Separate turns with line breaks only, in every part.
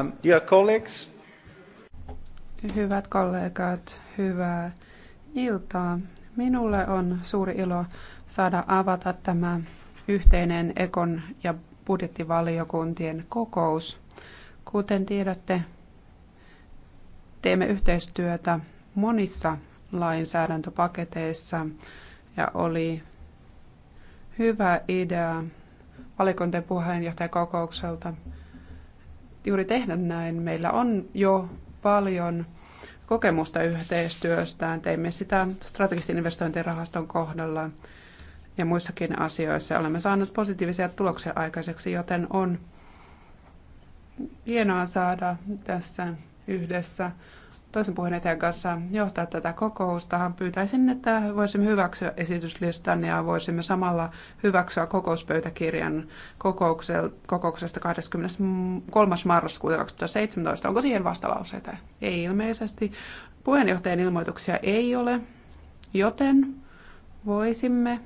Um, dear colleagues.
Hyvät kollegat, hyvää iltaa. Minulle on suuri ilo saada avata tämä yhteinen ekon ja budjettivaliokuntien kokous. Kuten tiedätte, teemme yhteistyötä monissa lainsäädäntöpaketeissa ja oli hyvä idea valiokuntien puheenjohtajakokoukselta kokoukselta juuri tehdä näin. Meillä on jo paljon kokemusta yhteistyöstään. Teimme sitä strategisten investointien rahaston kohdalla ja muissakin asioissa. Olemme saaneet positiivisia tuloksia aikaiseksi, joten on hienoa saada tässä yhdessä toisen puheenjohtajan kanssa johtaa tätä kokousta. pyytäisin, että voisimme hyväksyä esityslistan ja voisimme samalla hyväksyä kokouspöytäkirjan kokouksesta 23. marraskuuta 2017. Onko siihen vastalauseita? Ei ilmeisesti. Puheenjohtajan ilmoituksia ei ole, joten voisimme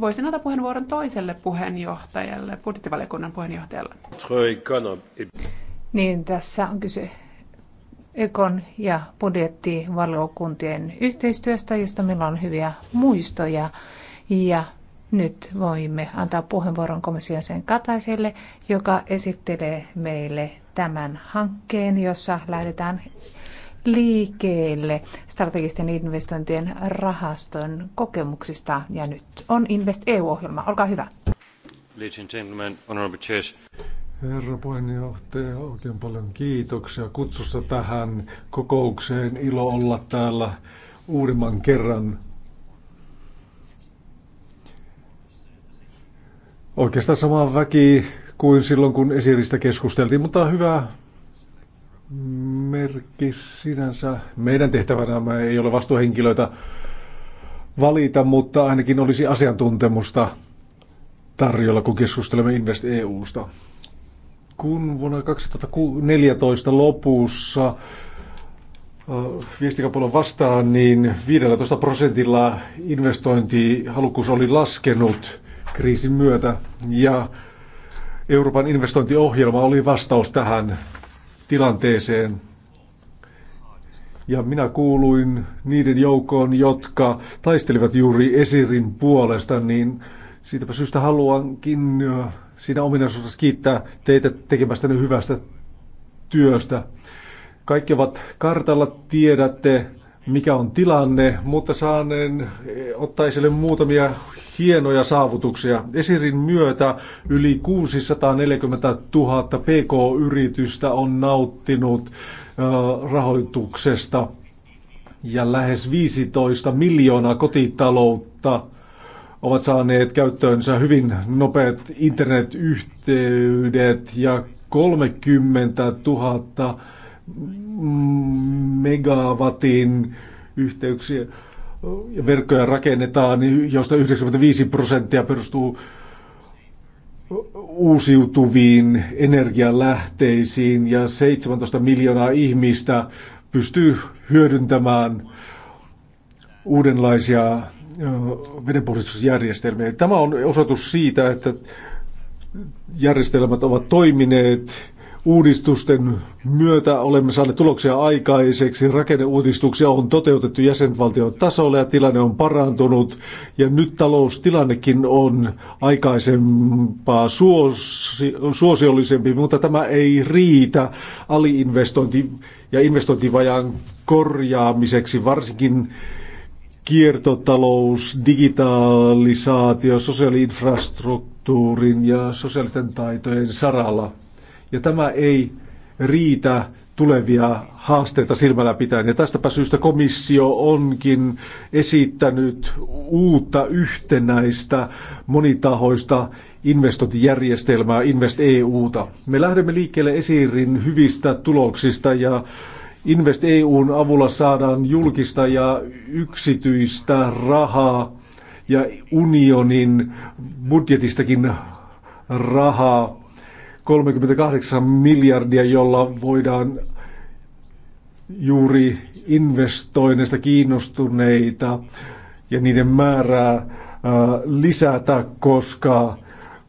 voisin antaa puheenvuoron toiselle puheenjohtajalle, budjettivaliokunnan puheenjohtajalle. Niin, tässä on kyse Ekon ja budjettivaliokuntien
yhteistyöstä, josta meillä on hyviä muistoja. Ja nyt voimme antaa puheenvuoron komission sen Kataiselle, joka esittelee meille tämän hankkeen, jossa lähdetään liikkeelle strategisten investointien rahaston kokemuksista. Ja nyt on Invest EU-ohjelma.
Olkaa hyvä.
Ladies and gentlemen, honorable chairs.
Herra puheenjohtaja, oikein paljon kiitoksia kutsusta tähän kokoukseen. Ilo olla täällä uudemman kerran. Oikeastaan sama väki kuin silloin, kun esiristä keskusteltiin, mutta hyvä merkki sinänsä. Meidän tehtävänä me ei ole vastuuhenkilöitä valita, mutta ainakin olisi asiantuntemusta tarjolla, kun keskustelemme Invest EUsta kun vuonna 2014 lopussa viestikapulon vastaan, niin 15 prosentilla investointihalukkuus oli laskenut kriisin myötä ja Euroopan investointiohjelma oli vastaus tähän tilanteeseen. Ja minä kuuluin niiden joukoon, jotka taistelivat juuri Esirin puolesta, niin siitäpä syystä haluankin siinä ominaisuudessa kiittää teitä tekemästänne hyvästä työstä. Kaikki ovat kartalla, tiedätte mikä on tilanne, mutta saaneen eh, ottaa esille muutamia hienoja saavutuksia. Esirin myötä yli 640 000 pk-yritystä on nauttinut eh, rahoituksesta ja lähes 15 miljoonaa kotitaloutta ovat saaneet käyttöönsä hyvin nopeat internetyhteydet ja 30 000 megawatin yhteyksiä ja verkkoja rakennetaan, joista 95 prosenttia perustuu uusiutuviin energialähteisiin ja 17 miljoonaa ihmistä pystyy hyödyntämään uudenlaisia vedenpuhdistusjärjestelmiä. Tämä on osoitus siitä, että järjestelmät ovat toimineet uudistusten myötä olemme saaneet tuloksia aikaiseksi, rakenneuudistuksia on toteutettu jäsenvaltion tasolla ja tilanne on parantunut ja nyt taloustilannekin on aikaisempaa suosi, suosiollisempi, mutta tämä ei riitä aliinvestointi- ja investointivajan korjaamiseksi, varsinkin kiertotalous, digitalisaatio, sosiaaliinfrastruktuurin ja sosiaalisten taitojen saralla. Ja tämä ei riitä tulevia haasteita silmällä pitäen. Ja tästäpä syystä komissio onkin esittänyt uutta yhtenäistä monitahoista investointijärjestelmää Invest EUta. Me lähdemme liikkeelle esirin hyvistä tuloksista ja Invest EUn avulla saadaan julkista ja yksityistä rahaa ja unionin budjetistakin rahaa 38 miljardia, jolla voidaan juuri investoinneista kiinnostuneita ja niiden määrää äh, lisätä, koska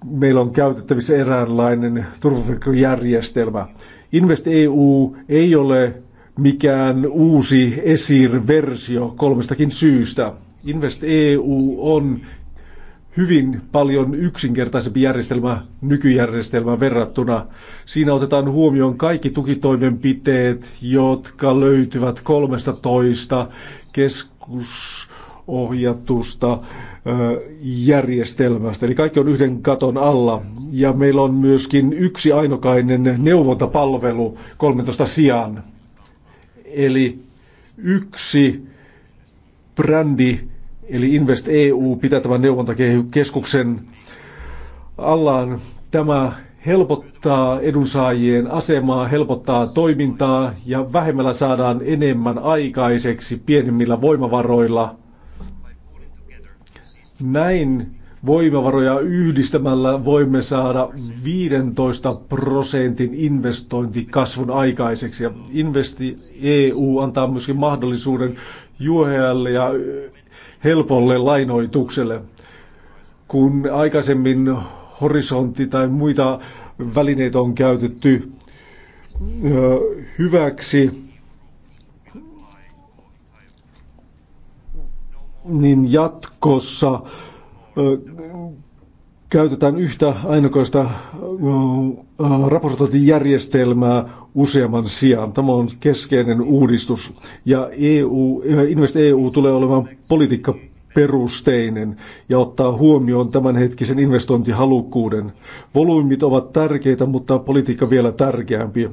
meillä on käytettävissä eräänlainen turvaverkkojärjestelmä. Invest EU ei ole mikään uusi ESIR-versio kolmestakin syystä. Invest EU on hyvin paljon yksinkertaisempi järjestelmä nykyjärjestelmään verrattuna. Siinä otetaan huomioon kaikki tukitoimenpiteet, jotka löytyvät 13 keskusohjatusta järjestelmästä. Eli kaikki on yhden katon alla. Ja meillä on myöskin yksi ainokainen neuvontapalvelu 13 sijaan. Eli yksi brändi, eli Invest EU, pitää tämän neuvontakeskuksen allaan. Tämä helpottaa edunsaajien asemaa, helpottaa toimintaa ja vähemmällä saadaan enemmän aikaiseksi pienemmillä voimavaroilla. Näin voimavaroja yhdistämällä voimme saada 15 prosentin investointikasvun aikaiseksi. Ja Investi EU antaa myöskin mahdollisuuden juhealle ja helpolle lainoitukselle. Kun aikaisemmin horisontti tai muita välineitä on käytetty hyväksi, niin jatkossa käytetään yhtä ainokaista raportointijärjestelmää useamman sijaan. Tämä on keskeinen uudistus ja EU, Invest EU tulee olemaan politiikka perusteinen ja ottaa huomioon tämänhetkisen investointihalukkuuden. Volyymit ovat tärkeitä, mutta politiikka vielä tärkeämpi.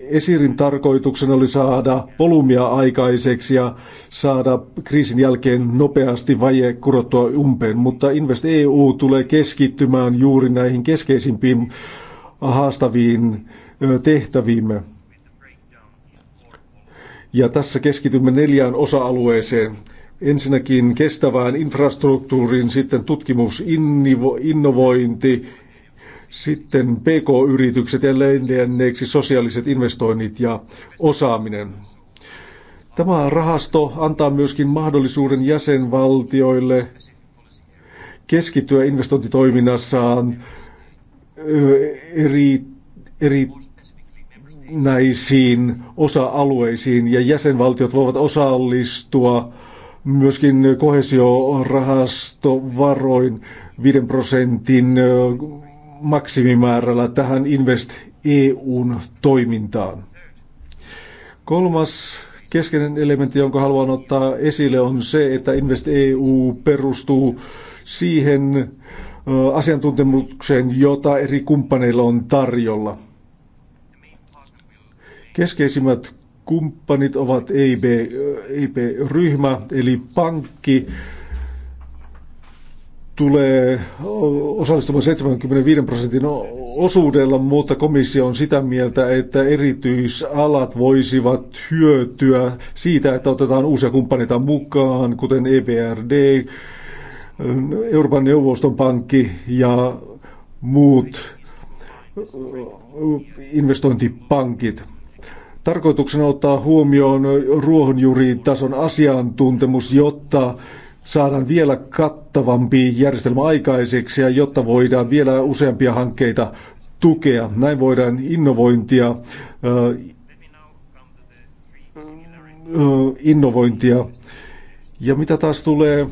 Esirin tarkoituksena oli saada volyymia aikaiseksi ja saada kriisin jälkeen nopeasti vaje kurottua umpeen, mutta Invest EU tulee keskittymään juuri näihin keskeisimpiin haastaviin tehtäviimme. Ja tässä keskitymme neljään osa-alueeseen. Ensinnäkin kestävään infrastruktuuriin, sitten tutkimus, innovointi sitten PK-yritykset ja neljänneeksi sosiaaliset investoinnit ja osaaminen. Tämä rahasto antaa myöskin mahdollisuuden jäsenvaltioille keskittyä investointitoiminnassaan eri, eri näisiin osa-alueisiin ja jäsenvaltiot voivat osallistua myöskin kohesiorahastovaroin 5 prosentin maksimimäärällä tähän Invest EUn toimintaan. Kolmas keskeinen elementti, jonka haluan ottaa esille, on se, että Invest EU perustuu siihen asiantuntemukseen, jota eri kumppaneilla on tarjolla. Keskeisimmät kumppanit ovat EIB-ryhmä, e EIB eli pankki, tulee osallistumaan 75 prosentin osuudella, mutta komissio on sitä mieltä, että erityisalat voisivat hyötyä siitä, että otetaan uusia kumppaneita mukaan, kuten EBRD, Euroopan neuvoston pankki ja muut investointipankit. Tarkoituksena ottaa huomioon ruohonjuuritason asiantuntemus, jotta saadaan vielä kattavampi järjestelmä aikaiseksi ja jotta voidaan vielä useampia hankkeita tukea. Näin voidaan innovointia, innovointia. Ja mitä taas tulee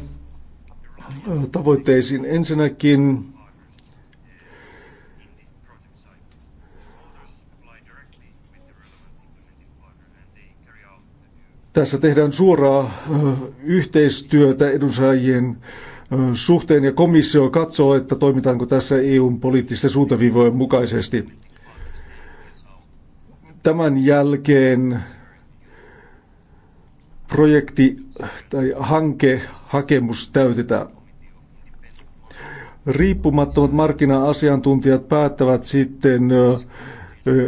tavoitteisiin, ensinnäkin Tässä tehdään suoraa yhteistyötä edunsaajien suhteen ja komissio katsoo, että toimitaanko tässä EUn poliittisten suuntaviivojen mukaisesti. Tämän jälkeen projekti tai hanke hakemus täytetään. Riippumattomat markkina-asiantuntijat päättävät sitten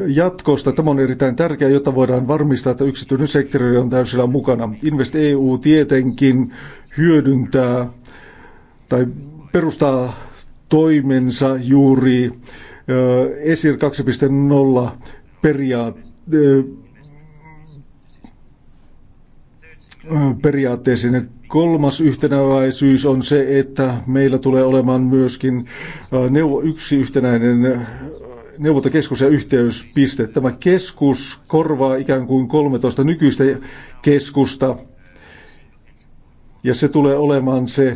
jatkosta. Tämä on erittäin tärkeää, jotta voidaan varmistaa, että yksityinen sektori on täysillä mukana. Invest EU tietenkin hyödyntää tai perustaa toimensa juuri ESIR 2.0 periaatteeseen Kolmas yhtenäväisyys on se, että meillä tulee olemaan myöskin neuvo, yksi yhtenäinen neuvontakeskus ja yhteyspiste. Tämä keskus korvaa ikään kuin 13 nykyistä keskusta ja se tulee olemaan se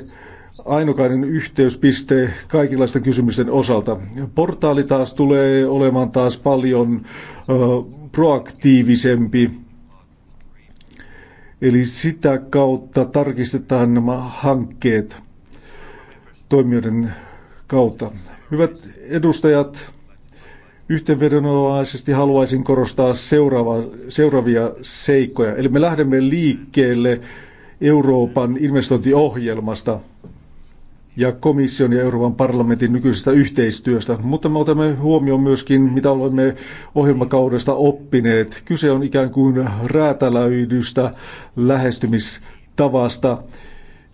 ainokainen yhteyspiste kaikenlaisten kysymysten osalta. Portaali taas tulee olemaan taas paljon ö, proaktiivisempi. Eli sitä kautta tarkistetaan nämä hankkeet toimijoiden kautta. Hyvät edustajat, Yhteenvedonomaisesti haluaisin korostaa seuraava, seuraavia seikkoja. Eli me lähdemme liikkeelle Euroopan investointiohjelmasta ja komission ja Euroopan parlamentin nykyisestä yhteistyöstä, mutta me otamme huomioon myöskin, mitä olemme ohjelmakaudesta oppineet. Kyse on ikään kuin räätälöidystä lähestymistavasta,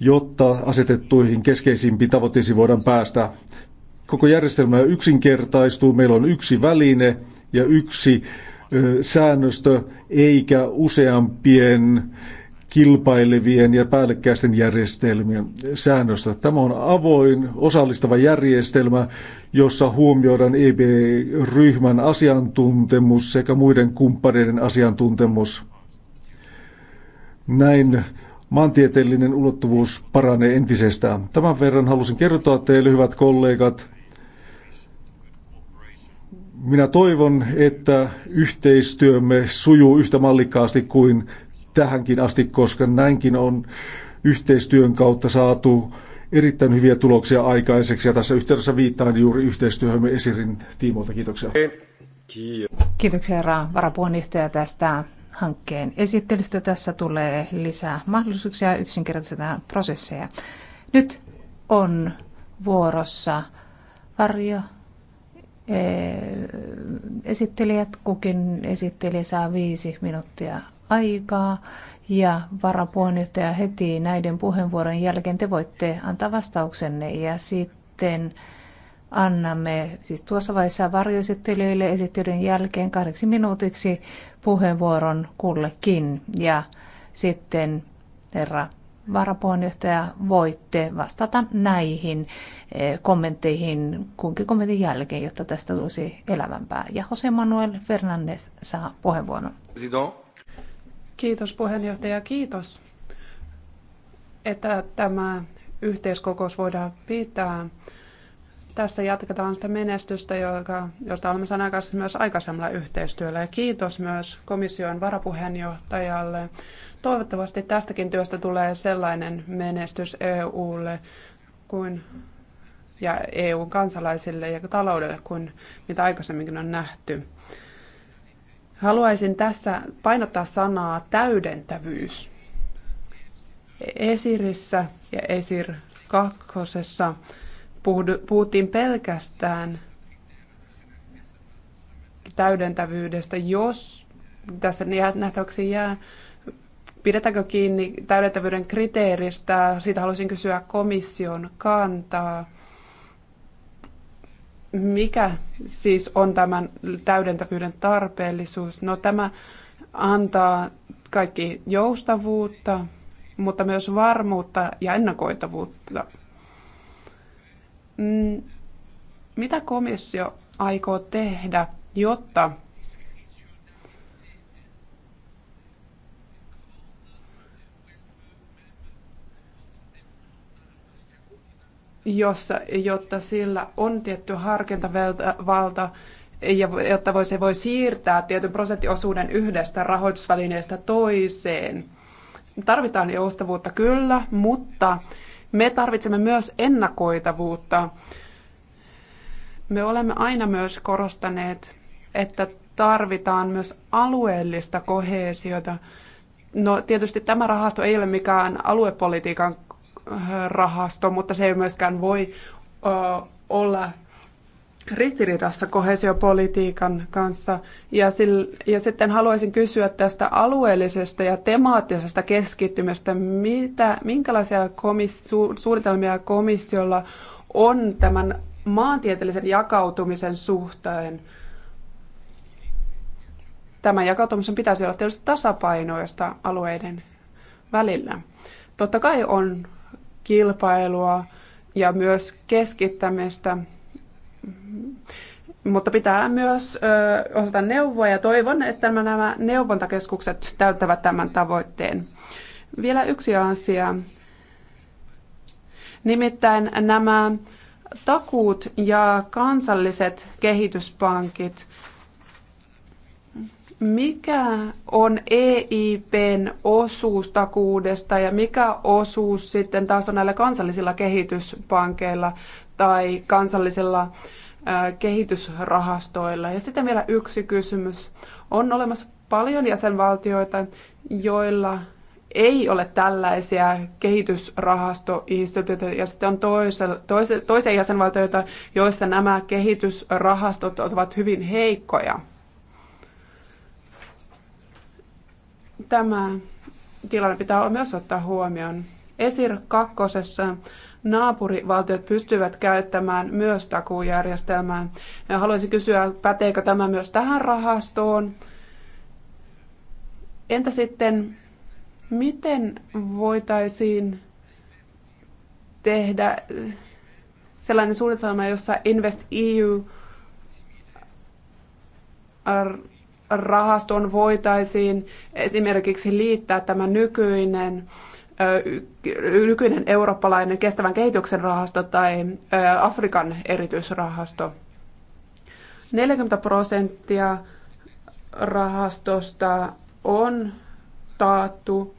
jotta asetettuihin keskeisimpiin tavoitteisiin voidaan päästä. Koko järjestelmä yksinkertaistuu, meillä on yksi väline ja yksi säännöstö, eikä useampien kilpailevien ja päällekkäisten järjestelmien säännöstä. Tämä on avoin, osallistava järjestelmä, jossa huomioidaan EB-ryhmän asiantuntemus sekä muiden kumppaneiden asiantuntemus. Näin maantieteellinen ulottuvuus paranee entisestään. Tämän verran halusin kertoa teille, hyvät kollegat, minä toivon, että yhteistyömme sujuu yhtä mallikkaasti kuin tähänkin asti, koska näinkin on yhteistyön kautta saatu erittäin hyviä tuloksia aikaiseksi. Ja tässä yhteydessä viittaan juuri yhteistyöhömme Esirin tiimoilta. Kiitoksia.
Kiitoksia herra varapuheenjohtaja tästä hankkeen esittelystä. Tässä tulee lisää mahdollisuuksia ja yksinkertaistetaan prosesseja. Nyt on vuorossa varjo esittelijät, kukin esitteli saa viisi minuuttia aikaa ja varapuheenjohtaja heti näiden puheenvuorojen jälkeen te voitte antaa vastauksenne ja sitten annamme siis tuossa vaiheessa varjoesittelijöille esittelyn jälkeen kahdeksi minuutiksi puheenvuoron kullekin ja sitten herra varapuheenjohtaja, voitte vastata näihin eh, kommentteihin kunkin kommentin jälkeen, jotta tästä tulisi elävämpää. Ja Jose Manuel
Fernandez saa puheenvuoron. Kiitos puheenjohtaja, kiitos, että tämä yhteiskokous voidaan pitää. Tässä jatketaan sitä menestystä, joka, josta olemme kanssa myös aikaisemmalla yhteistyöllä. Ja kiitos myös komission varapuheenjohtajalle Toivottavasti tästäkin työstä tulee sellainen menestys EUlle kuin, ja EUn kansalaisille ja taloudelle kuin mitä aikaisemminkin on nähty. Haluaisin tässä painottaa sanaa täydentävyys. Esirissä ja Esir kakkosessa puhuttiin pelkästään täydentävyydestä, jos tässä nähtäväksi jää, Pidetäänkö kiinni täydentävyyden kriteeristä? Siitä haluaisin kysyä komission kantaa. Mikä siis on tämän täydentävyyden tarpeellisuus? No tämä antaa kaikki joustavuutta, mutta myös varmuutta ja ennakoitavuutta. Mm, mitä komissio aikoo tehdä, jotta jossa, jotta sillä on tietty harkintavalta ja jotta voi, se voi siirtää tietyn prosenttiosuuden yhdestä rahoitusvälineestä toiseen. Tarvitaan joustavuutta kyllä, mutta me tarvitsemme myös ennakoitavuutta. Me olemme aina myös korostaneet, että tarvitaan myös alueellista kohesiota. No tietysti tämä rahasto ei ole mikään aluepolitiikan rahasto, mutta se ei myöskään voi olla ristiriidassa kohesiopolitiikan kanssa. Ja, sille, ja sitten haluaisin kysyä tästä alueellisesta ja temaattisesta keskittymästä, Mitä, minkälaisia komis, su, suunnitelmia komissiolla on tämän maantieteellisen jakautumisen suhteen? Tämän jakautumisen pitäisi olla tietysti tasapainoista alueiden välillä. Totta kai on kilpailua ja myös keskittämistä. Mutta pitää myös osata neuvoa ja toivon, että nämä neuvontakeskukset täyttävät tämän tavoitteen. Vielä yksi asia. Nimittäin nämä takuut ja kansalliset kehityspankit – mikä on EIPn osuus takuudesta ja mikä osuus sitten taas on näillä kansallisilla kehityspankeilla tai kansallisilla kehitysrahastoilla. Ja sitten vielä yksi kysymys. On olemassa paljon jäsenvaltioita, joilla ei ole tällaisia kehitysrahastoinstituutioita, ja sitten on toise, toise, toisia jäsenvaltioita, joissa nämä kehitysrahastot ovat hyvin heikkoja. Tämä tilanne pitää myös ottaa huomioon. ESIR kakkosessa naapurivaltiot pystyvät käyttämään myös takuujärjestelmää. Ja haluaisin kysyä, päteekö tämä myös tähän rahastoon? Entä sitten, miten voitaisiin tehdä sellainen suunnitelma, jossa Invest EU rahastoon voitaisiin esimerkiksi liittää tämä nykyinen nykyinen eurooppalainen kestävän kehityksen rahasto tai Afrikan erityisrahasto. 40 prosenttia rahastosta on taattu.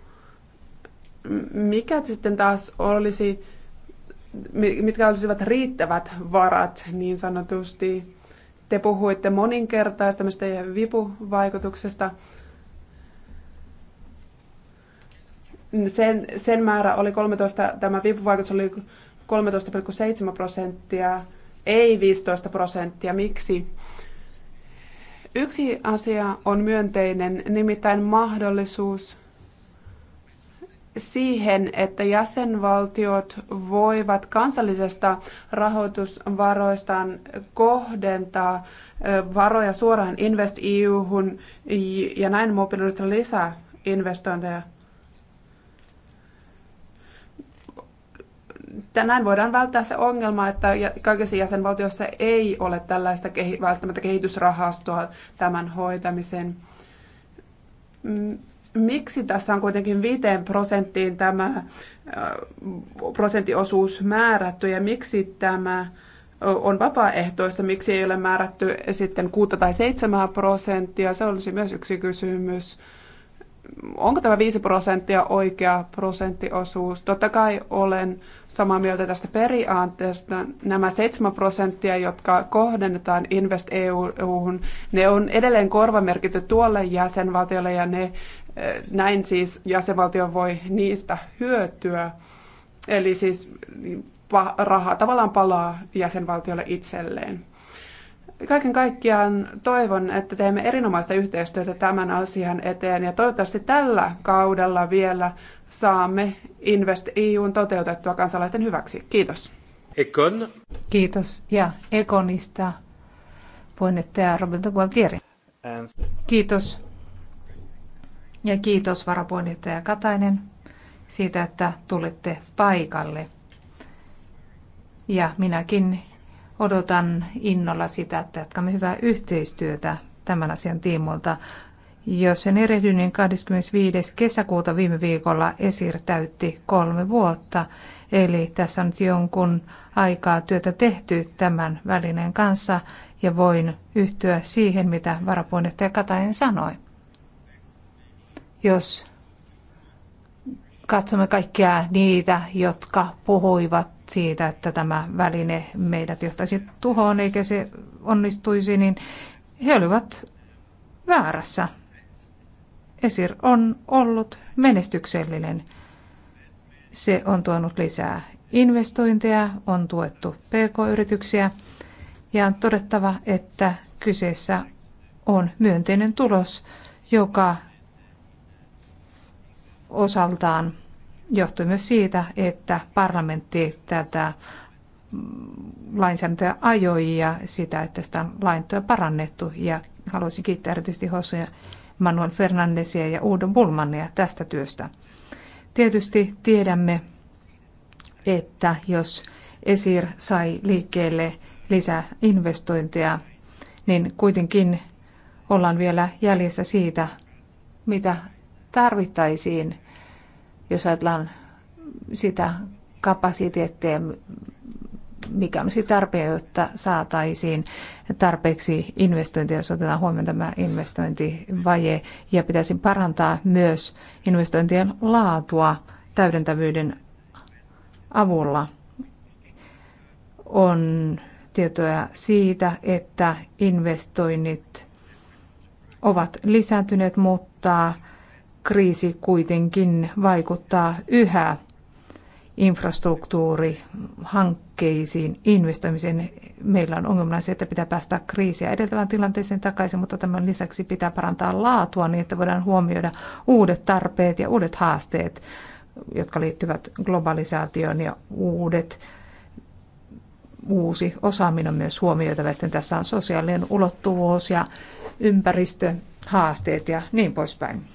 Mikä sitten taas olisi, mitkä olisivat riittävät varat niin sanotusti? Te puhuitte moninkertaistamista ja vipuvaikutuksesta. Sen, sen määrä oli 13, tämä vipuvaikutus oli 13,7 prosenttia, ei 15 prosenttia. Miksi? Yksi asia on myönteinen, nimittäin mahdollisuus siihen, että jäsenvaltiot voivat kansallisesta rahoitusvaroistaan kohdentaa varoja suoraan Invest e ja näin mobiilista lisää investointeja. Tänään voidaan välttää se ongelma, että kaikissa jäsenvaltioissa ei ole tällaista välttämättä kehitysrahastoa tämän hoitamiseen mm, miksi tässä on kuitenkin 5 prosenttiin tämä prosenttiosuus määrätty ja miksi tämä on vapaaehtoista, miksi ei ole määrätty sitten 6 tai 7 prosenttia, se olisi myös yksi kysymys. Onko tämä 5 prosenttia oikea prosenttiosuus? Totta kai olen samaa mieltä tästä periaatteesta. Nämä 7 prosenttia, jotka kohdennetaan Invest EU-hun, ne on edelleen korvamerkitty tuolle jäsenvaltiolle ja ne, eh, näin siis jäsenvaltio voi niistä hyötyä. Eli siis niin, raha tavallaan palaa jäsenvaltiolle itselleen kaiken kaikkiaan toivon, että teemme erinomaista yhteistyötä tämän asian eteen ja toivottavasti tällä kaudella vielä saamme Invest EUn toteutettua kansalaisten hyväksi. Kiitos. Ekon. Kiitos. Ja Ekonista puheenjohtaja Roberto Gualtieri.
Ähm. Kiitos. Ja kiitos varapuheenjohtaja Katainen siitä, että tulitte paikalle. Ja minäkin odotan innolla sitä, että jatkamme hyvää yhteistyötä tämän asian tiimoilta. Jos en erehdy, niin 25. kesäkuuta viime viikolla Esir täytti kolme vuotta. Eli tässä on nyt jonkun aikaa työtä tehty tämän välineen kanssa ja voin yhtyä siihen, mitä varapuheenjohtaja Katainen sanoi. Jos katsomme kaikkia niitä, jotka puhuivat siitä, että tämä väline meidät johtaisi tuhoon eikä se onnistuisi, niin he olivat väärässä. Esir on ollut menestyksellinen. Se on tuonut lisää investointeja, on tuettu pk-yrityksiä ja on todettava, että kyseessä on myönteinen tulos, joka osaltaan johtui myös siitä, että parlamentti tätä lainsäädäntöä ajoi ja sitä, että sitä on laintoja parannettu. Ja haluaisin kiittää erityisesti Jose Manuel Fernandesia ja Udo Bulmania tästä työstä. Tietysti tiedämme, että jos Esir sai liikkeelle lisää investointeja, niin kuitenkin ollaan vielä jäljessä siitä, mitä tarvittaisiin jos ajatellaan sitä kapasiteettia, mikä olisi siis tarpeen, jotta saataisiin tarpeeksi investointeja, jos otetaan huomioon tämä investointivaje, ja pitäisi parantaa myös investointien laatua täydentävyyden avulla. On tietoja siitä, että investoinnit ovat lisääntyneet, mutta kriisi kuitenkin vaikuttaa yhä infrastruktuurihankkeisiin, investoimiseen. Meillä on ongelmana se, että pitää päästä kriisiä edeltävään tilanteeseen takaisin, mutta tämän lisäksi pitää parantaa laatua niin, että voidaan huomioida uudet tarpeet ja uudet haasteet, jotka liittyvät globalisaatioon ja uudet uusi osaaminen on myös huomioitava. Sitten tässä on sosiaalinen ulottuvuus ja ympäristöhaasteet ja niin poispäin.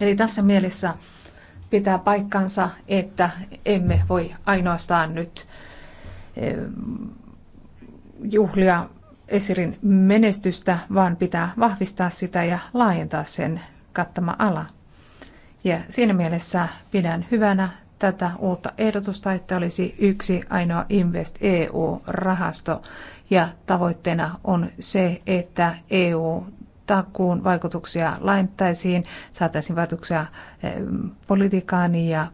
Eli tässä mielessä pitää paikkansa, että emme voi ainoastaan nyt eh, juhlia Esirin menestystä, vaan pitää vahvistaa sitä ja laajentaa sen kattama ala. Ja siinä mielessä pidän hyvänä tätä uutta ehdotusta, että olisi yksi ainoa Invest EU-rahasto. Ja tavoitteena on se, että EU takuun vaikutuksia laintaisiin, saataisiin vaikutuksia eh, politiikkaan ja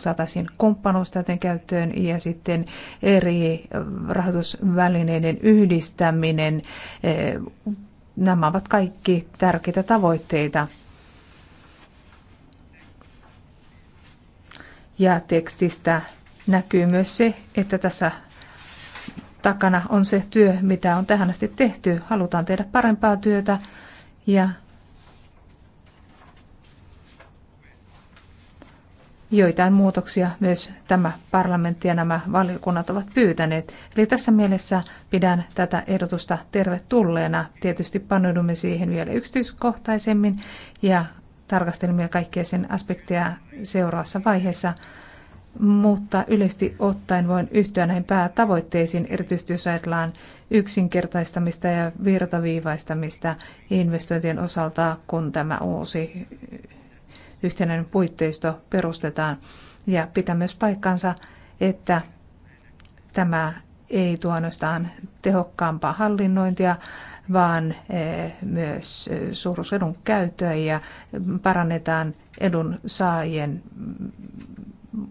saataisiin kumppanuustaitojen käyttöön ja sitten eri eh, rahoitusvälineiden yhdistäminen. Eh, nämä ovat kaikki tärkeitä tavoitteita. Ja tekstistä näkyy myös se, että tässä takana on se työ, mitä on tähän asti tehty. Halutaan tehdä parempaa työtä, ja joitain muutoksia myös tämä parlamentti ja nämä valiokunnat ovat pyytäneet. Eli tässä mielessä pidän tätä ehdotusta tervetulleena. Tietysti paneudumme siihen vielä yksityiskohtaisemmin ja tarkastelemme kaikkia sen aspekteja seuraavassa vaiheessa mutta yleisesti ottaen voin yhtyä näihin päätavoitteisiin, erityisesti jos ajatellaan yksinkertaistamista ja virtaviivaistamista investointien osalta, kun tämä uusi yhtenäinen puitteisto perustetaan. Ja pitää myös paikkansa, että tämä ei tuo ainoastaan tehokkaampaa hallinnointia, vaan eh, myös eh, suuruusedun käyttöä ja parannetaan edun saajien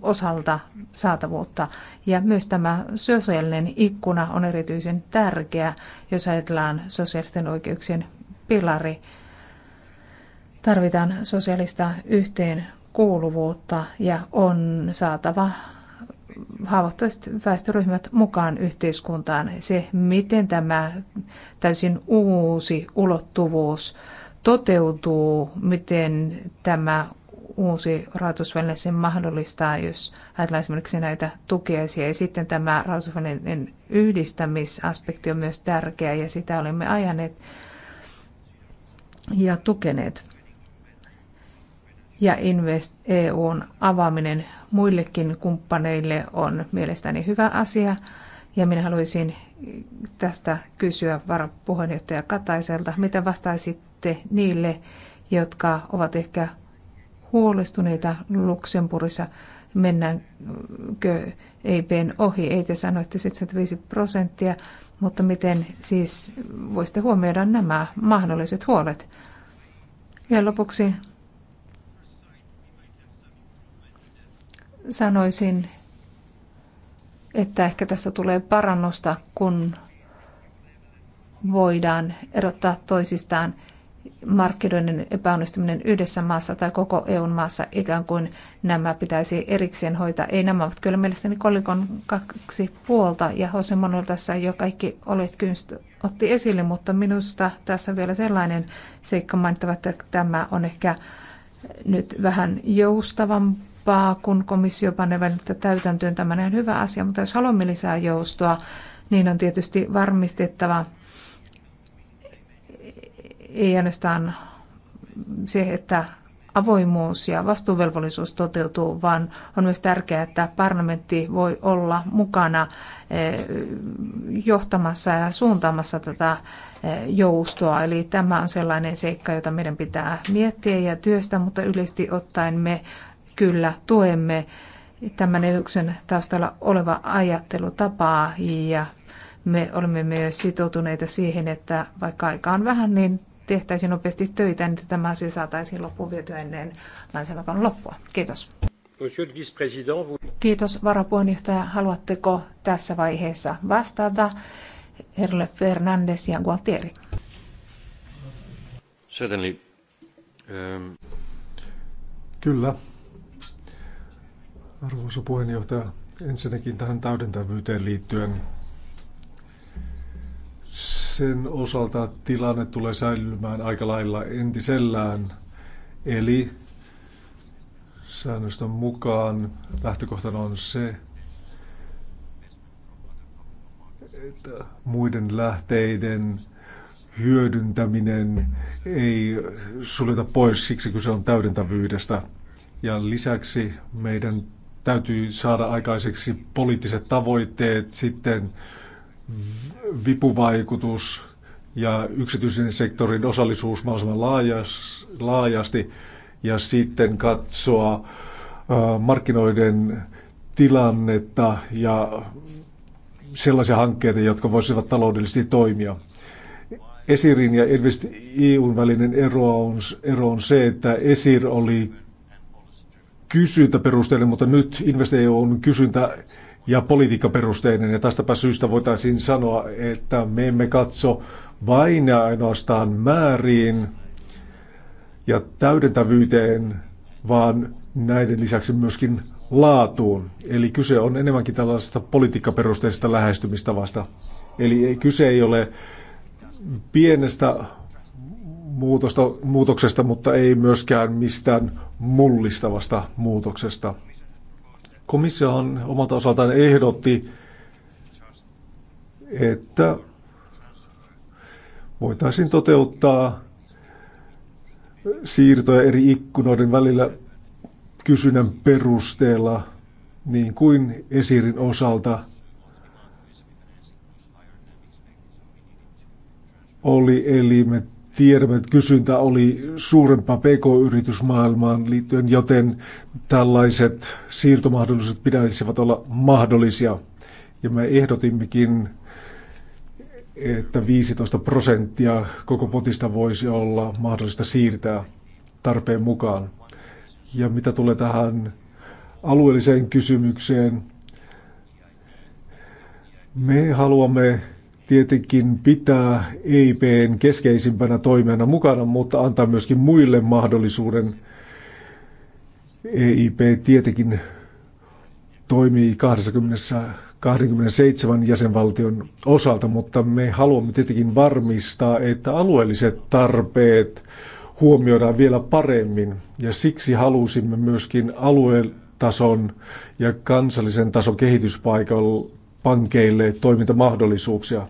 osalta saatavuutta. Ja myös tämä sosiaalinen ikkuna on erityisen tärkeä, jos ajatellaan sosiaalisten oikeuksien pilari. Tarvitaan sosiaalista yhteenkuuluvuutta ja on saatava haavoittuvaiset väestöryhmät mukaan yhteiskuntaan. Se, miten tämä täysin uusi ulottuvuus toteutuu, miten tämä uusi rahoitusväline sen mahdollistaa, jos ajatellaan esimerkiksi näitä tukiaisia. Ja sitten tämä rahoitusvälineen yhdistämisaspekti on myös tärkeä ja sitä olemme ajaneet ja tukeneet. Ja Invest EUn avaaminen muillekin kumppaneille on mielestäni hyvä asia. Ja minä haluaisin tästä kysyä varapuheenjohtaja Kataiselta, mitä vastaisitte niille, jotka ovat ehkä huolestuneita Luxemburgissa. Mennäänkö EIPn ohi? Ei te että 75 prosenttia, mutta miten siis voisitte huomioida nämä mahdolliset huolet? Ja lopuksi sanoisin, että ehkä tässä tulee parannusta, kun voidaan erottaa toisistaan – markkinoiden epäonnistuminen yhdessä maassa tai koko EUn maassa ikään kuin nämä pitäisi erikseen hoitaa. Ei nämä ovat kyllä mielestäni kolikon kaksi puolta ja Jose Manuel tässä jo kaikki olet kynst otti esille, mutta minusta tässä vielä sellainen seikka mainittava, että tämä on ehkä nyt vähän joustavampaa, kun komissio panee välittä täytäntöön. Tämä on hyvä asia, mutta jos haluamme lisää joustoa, niin on tietysti varmistettava, ei ainoastaan se, että avoimuus ja vastuuvelvollisuus toteutuu, vaan on myös tärkeää, että parlamentti voi olla mukana eh, johtamassa ja suuntaamassa tätä eh, joustoa. Eli tämä on sellainen seikka, jota meidän pitää miettiä ja työstää, mutta yleisesti ottaen me kyllä tuemme tämän eduksen taustalla oleva ajattelutapaa ja me olemme myös sitoutuneita siihen, että vaikka aika on vähän, niin tehtäisiin nopeasti töitä, niin tämä asia saataisiin loppuun vietyä ennen lainsäädännön loppua. Kiitos. Kiitos varapuheenjohtaja. Haluatteko tässä vaiheessa vastata Herle Fernandes ja Gualtieri?
Certainly. Um... Kyllä. Arvoisa puheenjohtaja, ensinnäkin tähän täydentävyyteen liittyen sen osalta tilanne tulee säilymään aika lailla entisellään. Eli säännöstön mukaan lähtökohtana on se, että muiden lähteiden hyödyntäminen ei suljeta pois siksi, kun se on täydentävyydestä. Ja lisäksi meidän täytyy saada aikaiseksi poliittiset tavoitteet sitten vipuvaikutus ja yksityisen sektorin osallisuus mahdollisimman laajasti ja sitten katsoa markkinoiden tilannetta ja sellaisia hankkeita, jotka voisivat taloudellisesti toimia. Esirin ja Invest EUn välinen ero on, ero on se, että Esir oli kysyntäperusteinen, mutta nyt investeio on kysyntä- ja politiikkaperusteinen. Ja tästäpä syystä voitaisiin sanoa, että me emme katso vain ja ainoastaan määriin ja täydentävyyteen, vaan näiden lisäksi myöskin laatuun. Eli kyse on enemmänkin tällaisesta politiikkaperusteisesta lähestymistavasta. Eli kyse ei ole pienestä muutosta, muutoksesta, mutta ei myöskään mistään mullistavasta muutoksesta. Komissiohan omalta osaltaan ehdotti, että voitaisiin toteuttaa siirtoja eri ikkunoiden välillä kysynnän perusteella, niin kuin esirin osalta oli, eli me tiedämme, että kysyntä oli suurempaa PK-yritysmaailmaan liittyen, joten tällaiset siirtomahdollisuudet pitäisivät olla mahdollisia. Ja me ehdotimmekin, että 15 prosenttia koko potista voisi olla mahdollista siirtää tarpeen mukaan. Ja mitä tulee tähän alueelliseen kysymykseen, me haluamme tietenkin pitää EIPn keskeisimpänä toimijana mukana, mutta antaa myöskin muille mahdollisuuden. EIP tietenkin toimii 20, 27 jäsenvaltion osalta, mutta me haluamme tietenkin varmistaa, että alueelliset tarpeet huomioidaan vielä paremmin ja siksi halusimme myöskin aluetason ja kansallisen tason kehityspaikalla pankeille toimintamahdollisuuksia.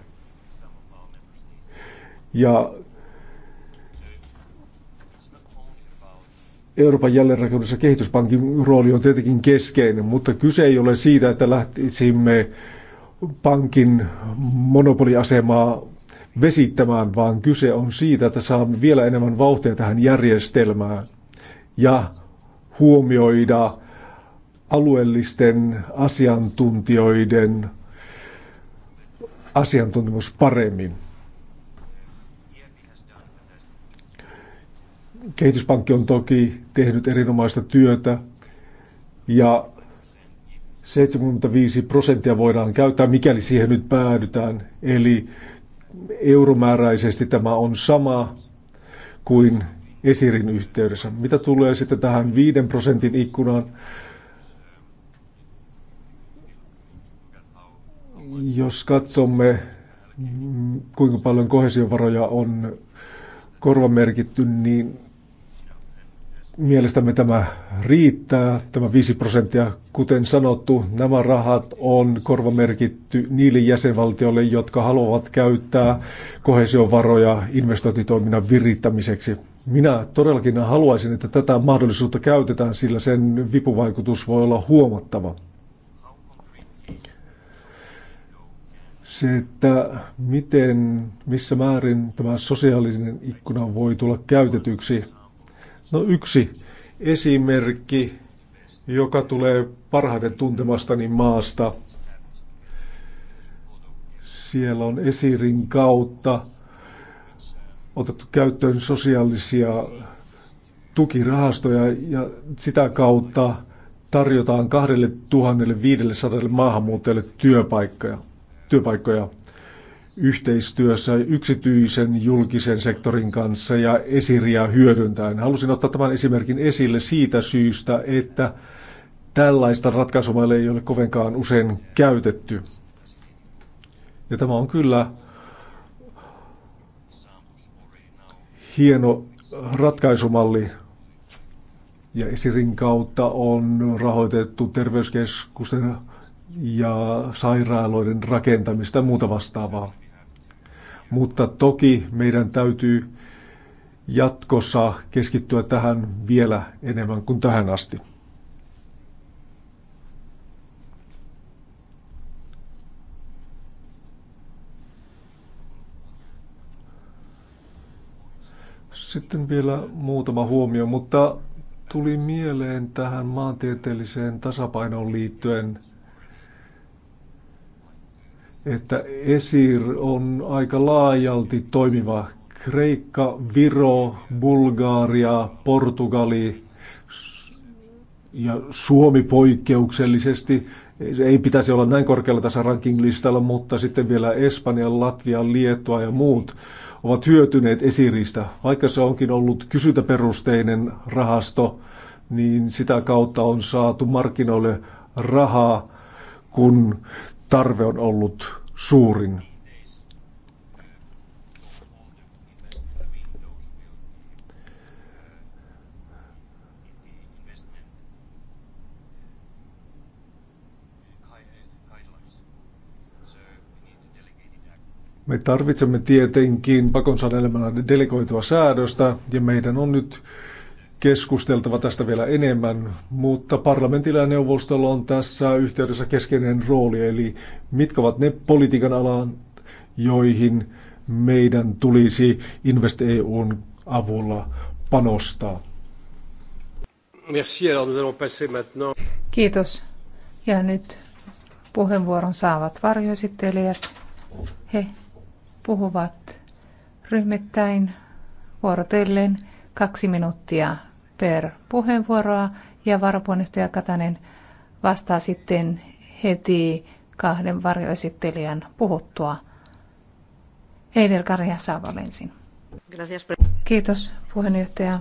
Ja Euroopan jälleenrakennus- ja kehityspankin rooli on tietenkin keskeinen, mutta kyse ei ole siitä, että lähtisimme pankin monopoliasemaa vesittämään, vaan kyse on siitä, että saamme vielä enemmän vauhtia tähän järjestelmään ja huomioida alueellisten asiantuntijoiden asiantuntemus paremmin. Kehityspankki on toki tehnyt erinomaista työtä ja 75 prosenttia voidaan käyttää, mikäli siihen nyt päädytään. Eli euromääräisesti tämä on sama kuin esirin yhteydessä. Mitä tulee sitten tähän 5 prosentin ikkunaan, jos katsomme, kuinka paljon kohesiovaroja on korvamerkitty, niin Mielestämme tämä riittää, tämä 5 prosenttia. Kuten sanottu, nämä rahat on korvamerkitty niille jäsenvaltioille, jotka haluavat käyttää kohesiovaroja investointitoiminnan virittämiseksi. Minä todellakin haluaisin, että tätä mahdollisuutta käytetään, sillä sen vipuvaikutus voi olla huomattava. se, että miten, missä määrin tämä sosiaalinen ikkuna voi tulla käytetyksi. No yksi esimerkki, joka tulee parhaiten tuntemastani maasta. Siellä on esirin kautta otettu käyttöön sosiaalisia tukirahastoja ja sitä kautta tarjotaan 2500 maahanmuuttajalle työpaikkoja. työpaikkoja yhteistyössä yksityisen julkisen sektorin kanssa ja esiriä hyödyntäen. Halusin ottaa tämän esimerkin esille siitä syystä, että tällaista ratkaisumalle ei ole kovinkaan usein käytetty. Ja tämä on kyllä hieno ratkaisumalli. Ja esirin kautta on rahoitettu terveyskeskusten ja sairaaloiden rakentamista ja muuta vastaavaa mutta toki meidän täytyy jatkossa keskittyä tähän vielä enemmän kuin tähän asti. Sitten vielä muutama huomio, mutta tuli mieleen tähän maantieteelliseen tasapainoon liittyen – että ESIR on aika laajalti toimiva. Kreikka, Viro, Bulgaria, Portugali ja Suomi poikkeuksellisesti. Ei pitäisi olla näin korkealla tässä rankinglistalla, mutta sitten vielä Espanja, Latvia, Liettua ja muut ovat hyötyneet esiristä. Vaikka se onkin ollut kysyntäperusteinen rahasto, niin sitä kautta on saatu markkinoille rahaa, kun tarve on ollut suurin. Me tarvitsemme tietenkin pakon sanelemaan delegoitua säädöstä ja meidän on nyt keskusteltava tästä vielä enemmän, mutta parlamentilla ja neuvostolla on tässä yhteydessä keskeinen rooli, eli mitkä ovat ne politiikan alan, joihin meidän tulisi Invest EUn avulla panostaa.
Kiitos. Ja nyt puheenvuoron saavat varjoesittelijät. He puhuvat ryhmittäin vuorotellen kaksi minuuttia per puheenvuoroa ja varapuheenjohtaja Katanen vastaa sitten heti kahden varjoesittelijän puhuttua. Heidel Karja Saavol ensin. Kiitos puheenjohtaja.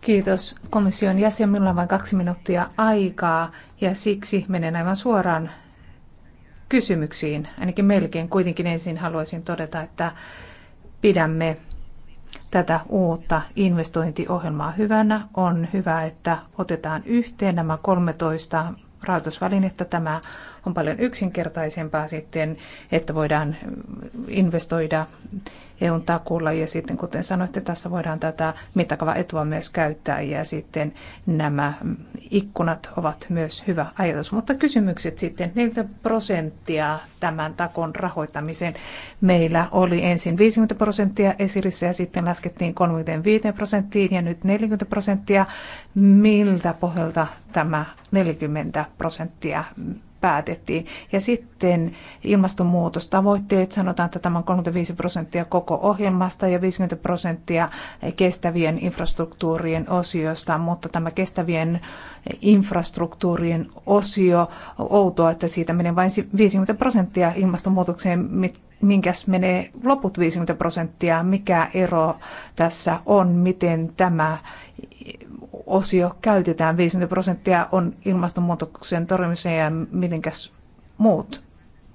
Kiitos komission jäsen. Minulla on vain kaksi minuuttia aikaa ja siksi menen aivan suoraan kysymyksiin, ainakin melkein. Kuitenkin ensin haluaisin todeta, että pidämme tätä uutta investointiohjelmaa hyvänä. On hyvä, että otetaan yhteen nämä 13 rahoitusvälinettä. Tämä on paljon yksinkertaisempaa sitten, että voidaan investoida EUn takuulla. Ja sitten kuten sanoitte, tässä voidaan tätä etua myös käyttää ja sitten nämä ikkunat ovat myös hyvä ajatus. Mutta kysymykset sitten, 4 prosenttia tämän takon rahoittamiseen. Meillä oli ensin 50 prosenttia esirissä ja sitten laskettiin 35 prosenttiin ja nyt 40 prosenttia. Miltä pohjalta tämä 40 prosenttia päätettiin. Ja sitten ilmastonmuutostavoitteet, sanotaan, että tämä on 35 prosenttia koko ohjelmasta ja 50 prosenttia kestävien infrastruktuurien osiosta, mutta tämä kestävien infrastruktuurien osio, outoa, että siitä menee vain 50 prosenttia ilmastonmuutokseen, minkäs menee loput 50 prosenttia, mikä ero tässä on, miten tämä osio käytetään. 50 prosenttia on ilmastonmuutoksen torjumiseen ja mitenkäs muut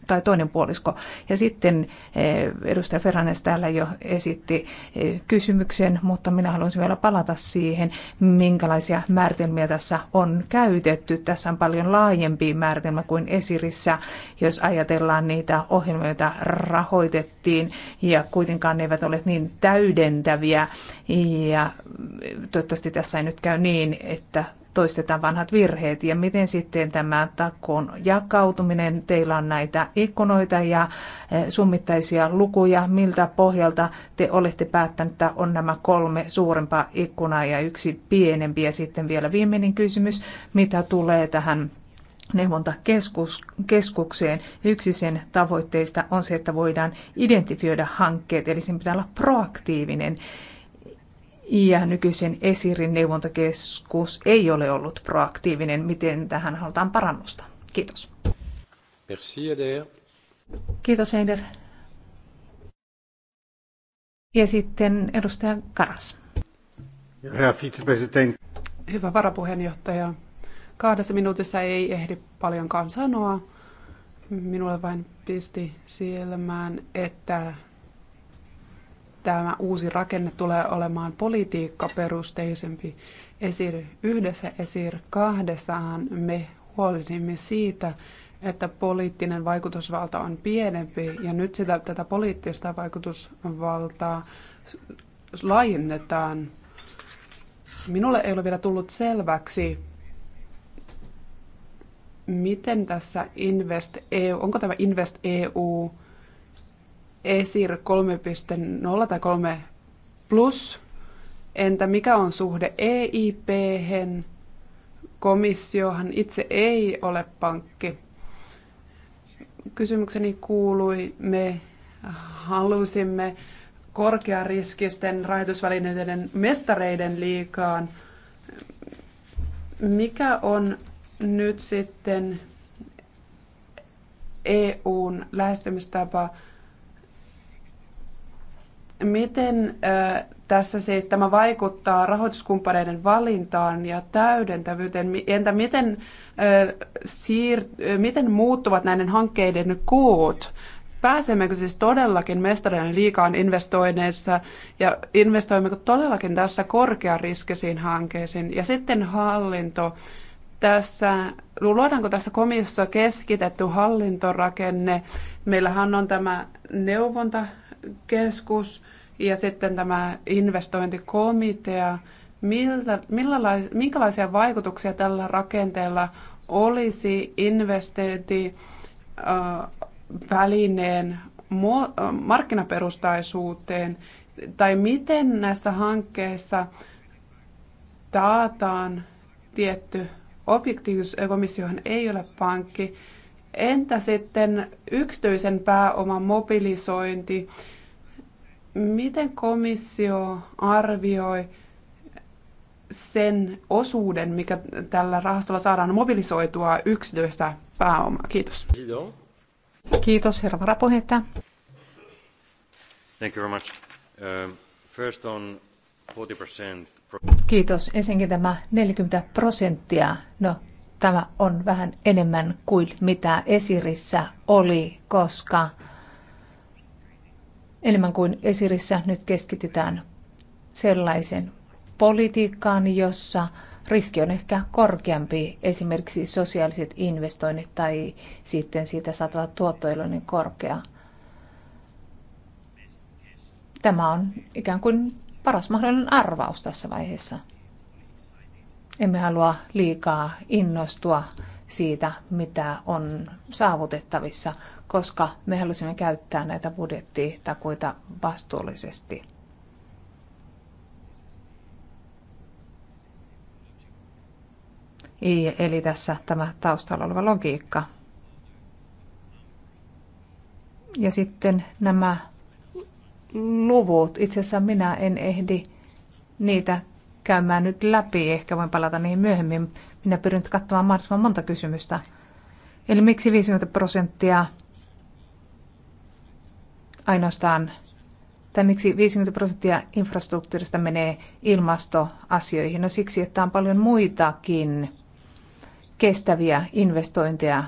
tai toinen puolisko. Ja sitten eh, edustaja Ferranes täällä jo esitti eh, kysymyksen, mutta minä haluaisin vielä palata siihen, minkälaisia määritelmiä tässä on käytetty. Tässä on paljon laajempi määritelmä kuin esirissä, jos ajatellaan niitä ohjelmia, joita rahoitettiin ja kuitenkaan ne eivät ole niin täydentäviä. Ja toivottavasti tässä ei nyt käy niin, että toistetaan vanhat virheet ja miten sitten tämä takkoon jakautuminen, teillä on näitä ikkunoita ja eh, summittaisia lukuja, miltä pohjalta te olette päättäneet, että on nämä kolme suurempaa ikkunaa ja yksi pienempi ja sitten vielä viimeinen kysymys, mitä tulee tähän neuvontakeskukseen. Yksi sen tavoitteista on se, että voidaan identifioida hankkeet, eli sen pitää olla proaktiivinen ja nykyisen esirin neuvontakeskus ei ole ollut proaktiivinen. Miten tähän halutaan parannusta? Kiitos.
Merci, Eder.
Kiitos,
Eder. Ja sitten edustaja Karas. Hyvä varapuheenjohtaja. Kahdessa minuutissa ei ehdi paljonkaan sanoa. Minulle vain pisti silmään, että tämä uusi rakenne tulee olemaan politiikkaperusteisempi. Esir yhdessä, esir kahdessaan me huolehdimme siitä, että poliittinen vaikutusvalta on pienempi ja nyt sitä, tätä poliittista vaikutusvaltaa laajennetaan. Minulle ei ole vielä tullut selväksi, miten tässä Invest EU, onko tämä Invest EU ESIR 3.0 tai 3 plus? Entä mikä on suhde eip Komissiohan itse ei ole pankki. Kysymykseni kuului, me halusimme korkeariskisten rahoitusvälineiden mestareiden liikaan. Mikä on nyt sitten EUn lähestymistapa Miten tässä siis tämä vaikuttaa rahoituskumppaneiden valintaan ja täydentävyyteen? Entä miten, siir- miten muuttuvat näiden hankkeiden koot? Pääsemmekö siis todellakin mestarien liikaan investoinneissa ja investoimmeko todellakin tässä korkeariskisiin hankkeisiin? Ja sitten hallinto tässä, luodaanko tässä komissiossa keskitetty hallintorakenne? Meillähän on tämä neuvonta, keskus ja sitten tämä investointikomitea, miltä, millala, minkälaisia vaikutuksia tällä rakenteella olisi investointi välineen markkinaperustaisuuteen tai miten näissä hankkeissa taataan tietty objektiivisuus. Komissiohan ei ole pankki, Entä sitten yksityisen pääoman mobilisointi? Miten komissio arvioi sen osuuden, mikä tällä rahastolla saadaan mobilisoitua yksityistä pääomaa? Kiitos. Kiitos, herra varapuheenjohtaja.
Thank you very much. Um, first on 40%. Kiitos. Ensinnäkin tämä 40 prosenttia. No, tämä on vähän enemmän kuin mitä esirissä oli, koska enemmän kuin esirissä nyt keskitytään sellaisen politiikkaan, jossa riski on ehkä korkeampi, esimerkiksi sosiaaliset investoinnit tai sitten siitä saatava tuottoilu niin korkea. Tämä on ikään kuin paras mahdollinen arvaus tässä vaiheessa. Emme halua liikaa innostua siitä, mitä on saavutettavissa, koska me halusimme käyttää näitä budjettitakuita vastuullisesti. Eli tässä tämä taustalla oleva logiikka. Ja sitten nämä luvut, itse asiassa minä en ehdi niitä käymään nyt läpi. Ehkä voin palata niihin myöhemmin. Minä pyrin nyt katsomaan mahdollisimman monta kysymystä. Eli miksi 50 prosenttia ainoastaan, tai miksi 50 prosenttia infrastruktuurista menee ilmastoasioihin? No siksi, että on paljon muitakin kestäviä investointeja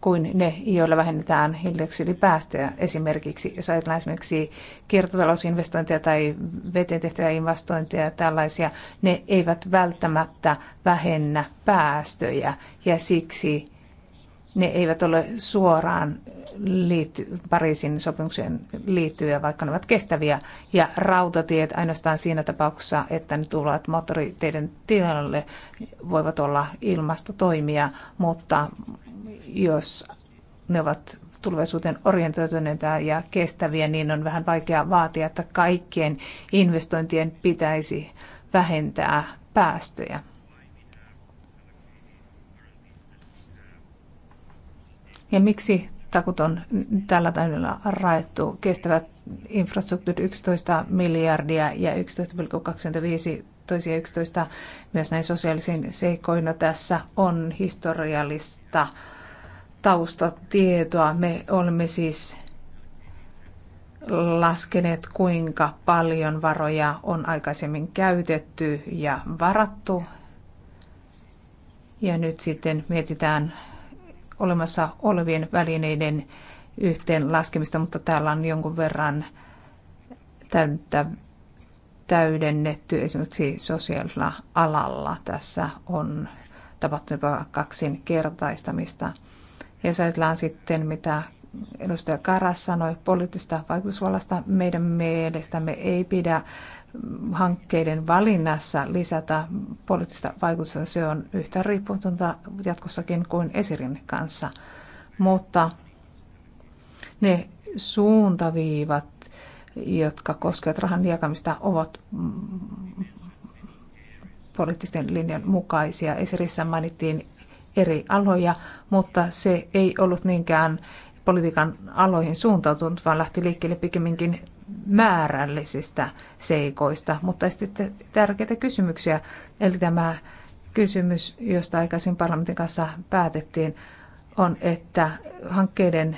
kuin ne, joilla vähennetään hiilidioksidipäästöjä. Esimerkiksi, jos ajatellaan esimerkiksi kiertotalousinvestointeja tai veteen tehtäviä investointeja ja tällaisia, ne eivät välttämättä vähennä päästöjä ja siksi ne eivät ole suoraan liitty, Pariisin sopimukseen liittyviä, vaikka ne ovat kestäviä. Ja rautatiet ainoastaan siinä tapauksessa, että ne tulevat moottoriteiden tilalle, voivat olla ilmastotoimia, mutta jos ne ovat tulevaisuuteen orientoituneita ja kestäviä, niin on vähän vaikea vaatia, että kaikkien investointien pitäisi vähentää päästöjä. ja miksi takut on tällä tavalla raettu. Kestävät infrastruktuurit 11 miljardia ja 11,25 toisia 11 myös näin sosiaalisiin seikkoina. Tässä on historiallista taustatietoa. Me olemme siis laskeneet, kuinka paljon varoja on aikaisemmin käytetty ja varattu. Ja nyt sitten mietitään olemassa olevien välineiden yhteen laskemista, mutta täällä on jonkun verran täyttä täydennetty esimerkiksi sosiaalisella alalla. Tässä on tapahtunut jopa kaksinkertaistamista. Jos ajatellaan sitten, mitä edustaja Karas sanoi poliittista vaikutusvallasta. Meidän mielestämme ei pidä hankkeiden valinnassa lisätä poliittista vaikutusta. Se on yhtä riippumatonta jatkossakin kuin esirin kanssa. Mutta ne suuntaviivat, jotka koskevat rahan jakamista, ovat poliittisten linjan mukaisia. Esirissä mainittiin eri aloja, mutta se ei ollut niinkään politiikan aloihin suuntautunut, vaan lähti liikkeelle pikemminkin määrällisistä seikoista, mutta sitten tärkeitä kysymyksiä. Eli tämä kysymys, josta aikaisin parlamentin kanssa päätettiin, on, että hankkeiden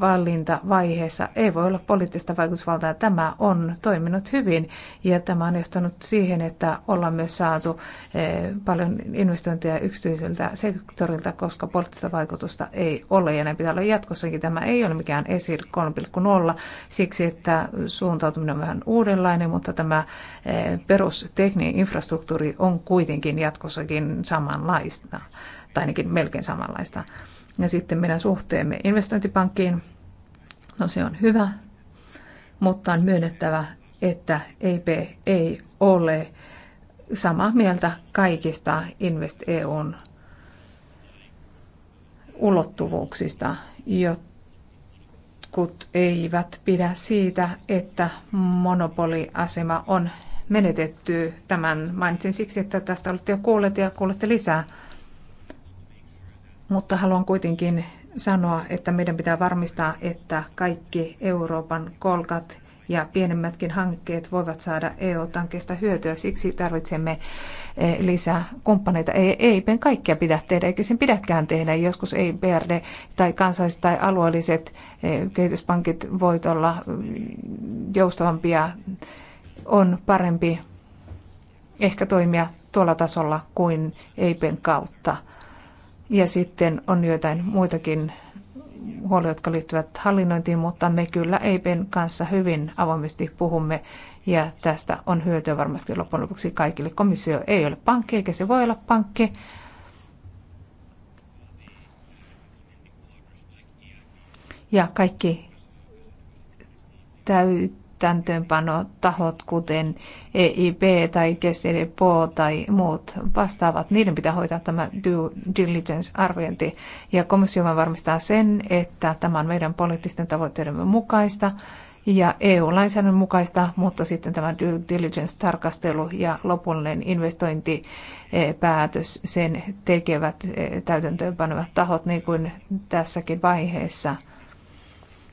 valintavaiheessa ei voi olla poliittista vaikutusvaltaa. Tämä on toiminut hyvin ja tämä on johtanut siihen, että ollaan myös saatu eh, paljon investointeja yksityiseltä sektorilta, koska poliittista vaikutusta ei ole ja näin pitää olla jatkossakin. Tämä ei ole mikään ESIR 3.0 siksi, että suuntautuminen on vähän uudenlainen, mutta tämä eh, perustekninen infrastruktuuri on kuitenkin jatkossakin samanlaista tai ainakin melkein samanlaista ja sitten meidän suhteemme investointipankkiin. No se on hyvä, mutta on myönnettävä, että EIP ei ole samaa mieltä kaikista Invest EUn ulottuvuuksista, jotkut eivät pidä siitä, että monopoliasema on menetetty. Tämän mainitsin siksi, että tästä olette jo kuulleet ja kuulette lisää. Mutta haluan kuitenkin sanoa, että meidän pitää varmistaa, että kaikki Euroopan kolkat ja pienemmätkin hankkeet voivat saada eu tankkeista hyötyä. Siksi tarvitsemme eh, lisää kumppaneita. Ei, ei. kaikkia pidä tehdä, eikä sen pidäkään tehdä. Joskus ei BRD tai kansalliset tai alueelliset eh, kehityspankit voivat olla mm, joustavampia. On parempi ehkä toimia tuolla tasolla kuin EiPen kautta. Ja sitten on joitain muitakin huolia, jotka liittyvät hallinnointiin, mutta me kyllä EIPen kanssa hyvin avoimesti puhumme ja tästä on hyötyä varmasti loppujen lopuksi kaikille. Komissio ei ole pankki eikä se voi olla pankki. Ja kaikki täytyy täntöönpanotahot, kuten EIP tai KSDPO tai muut vastaavat, niiden pitää hoitaa tämä due diligence-arviointi. Ja komissio varmistaa sen, että tämä on meidän poliittisten tavoitteiden mukaista ja EU-lainsäädännön mukaista, mutta sitten tämä due diligence-tarkastelu ja lopullinen investointipäätös, sen tekevät e, täytäntöönpanevat tahot, niin kuin tässäkin vaiheessa.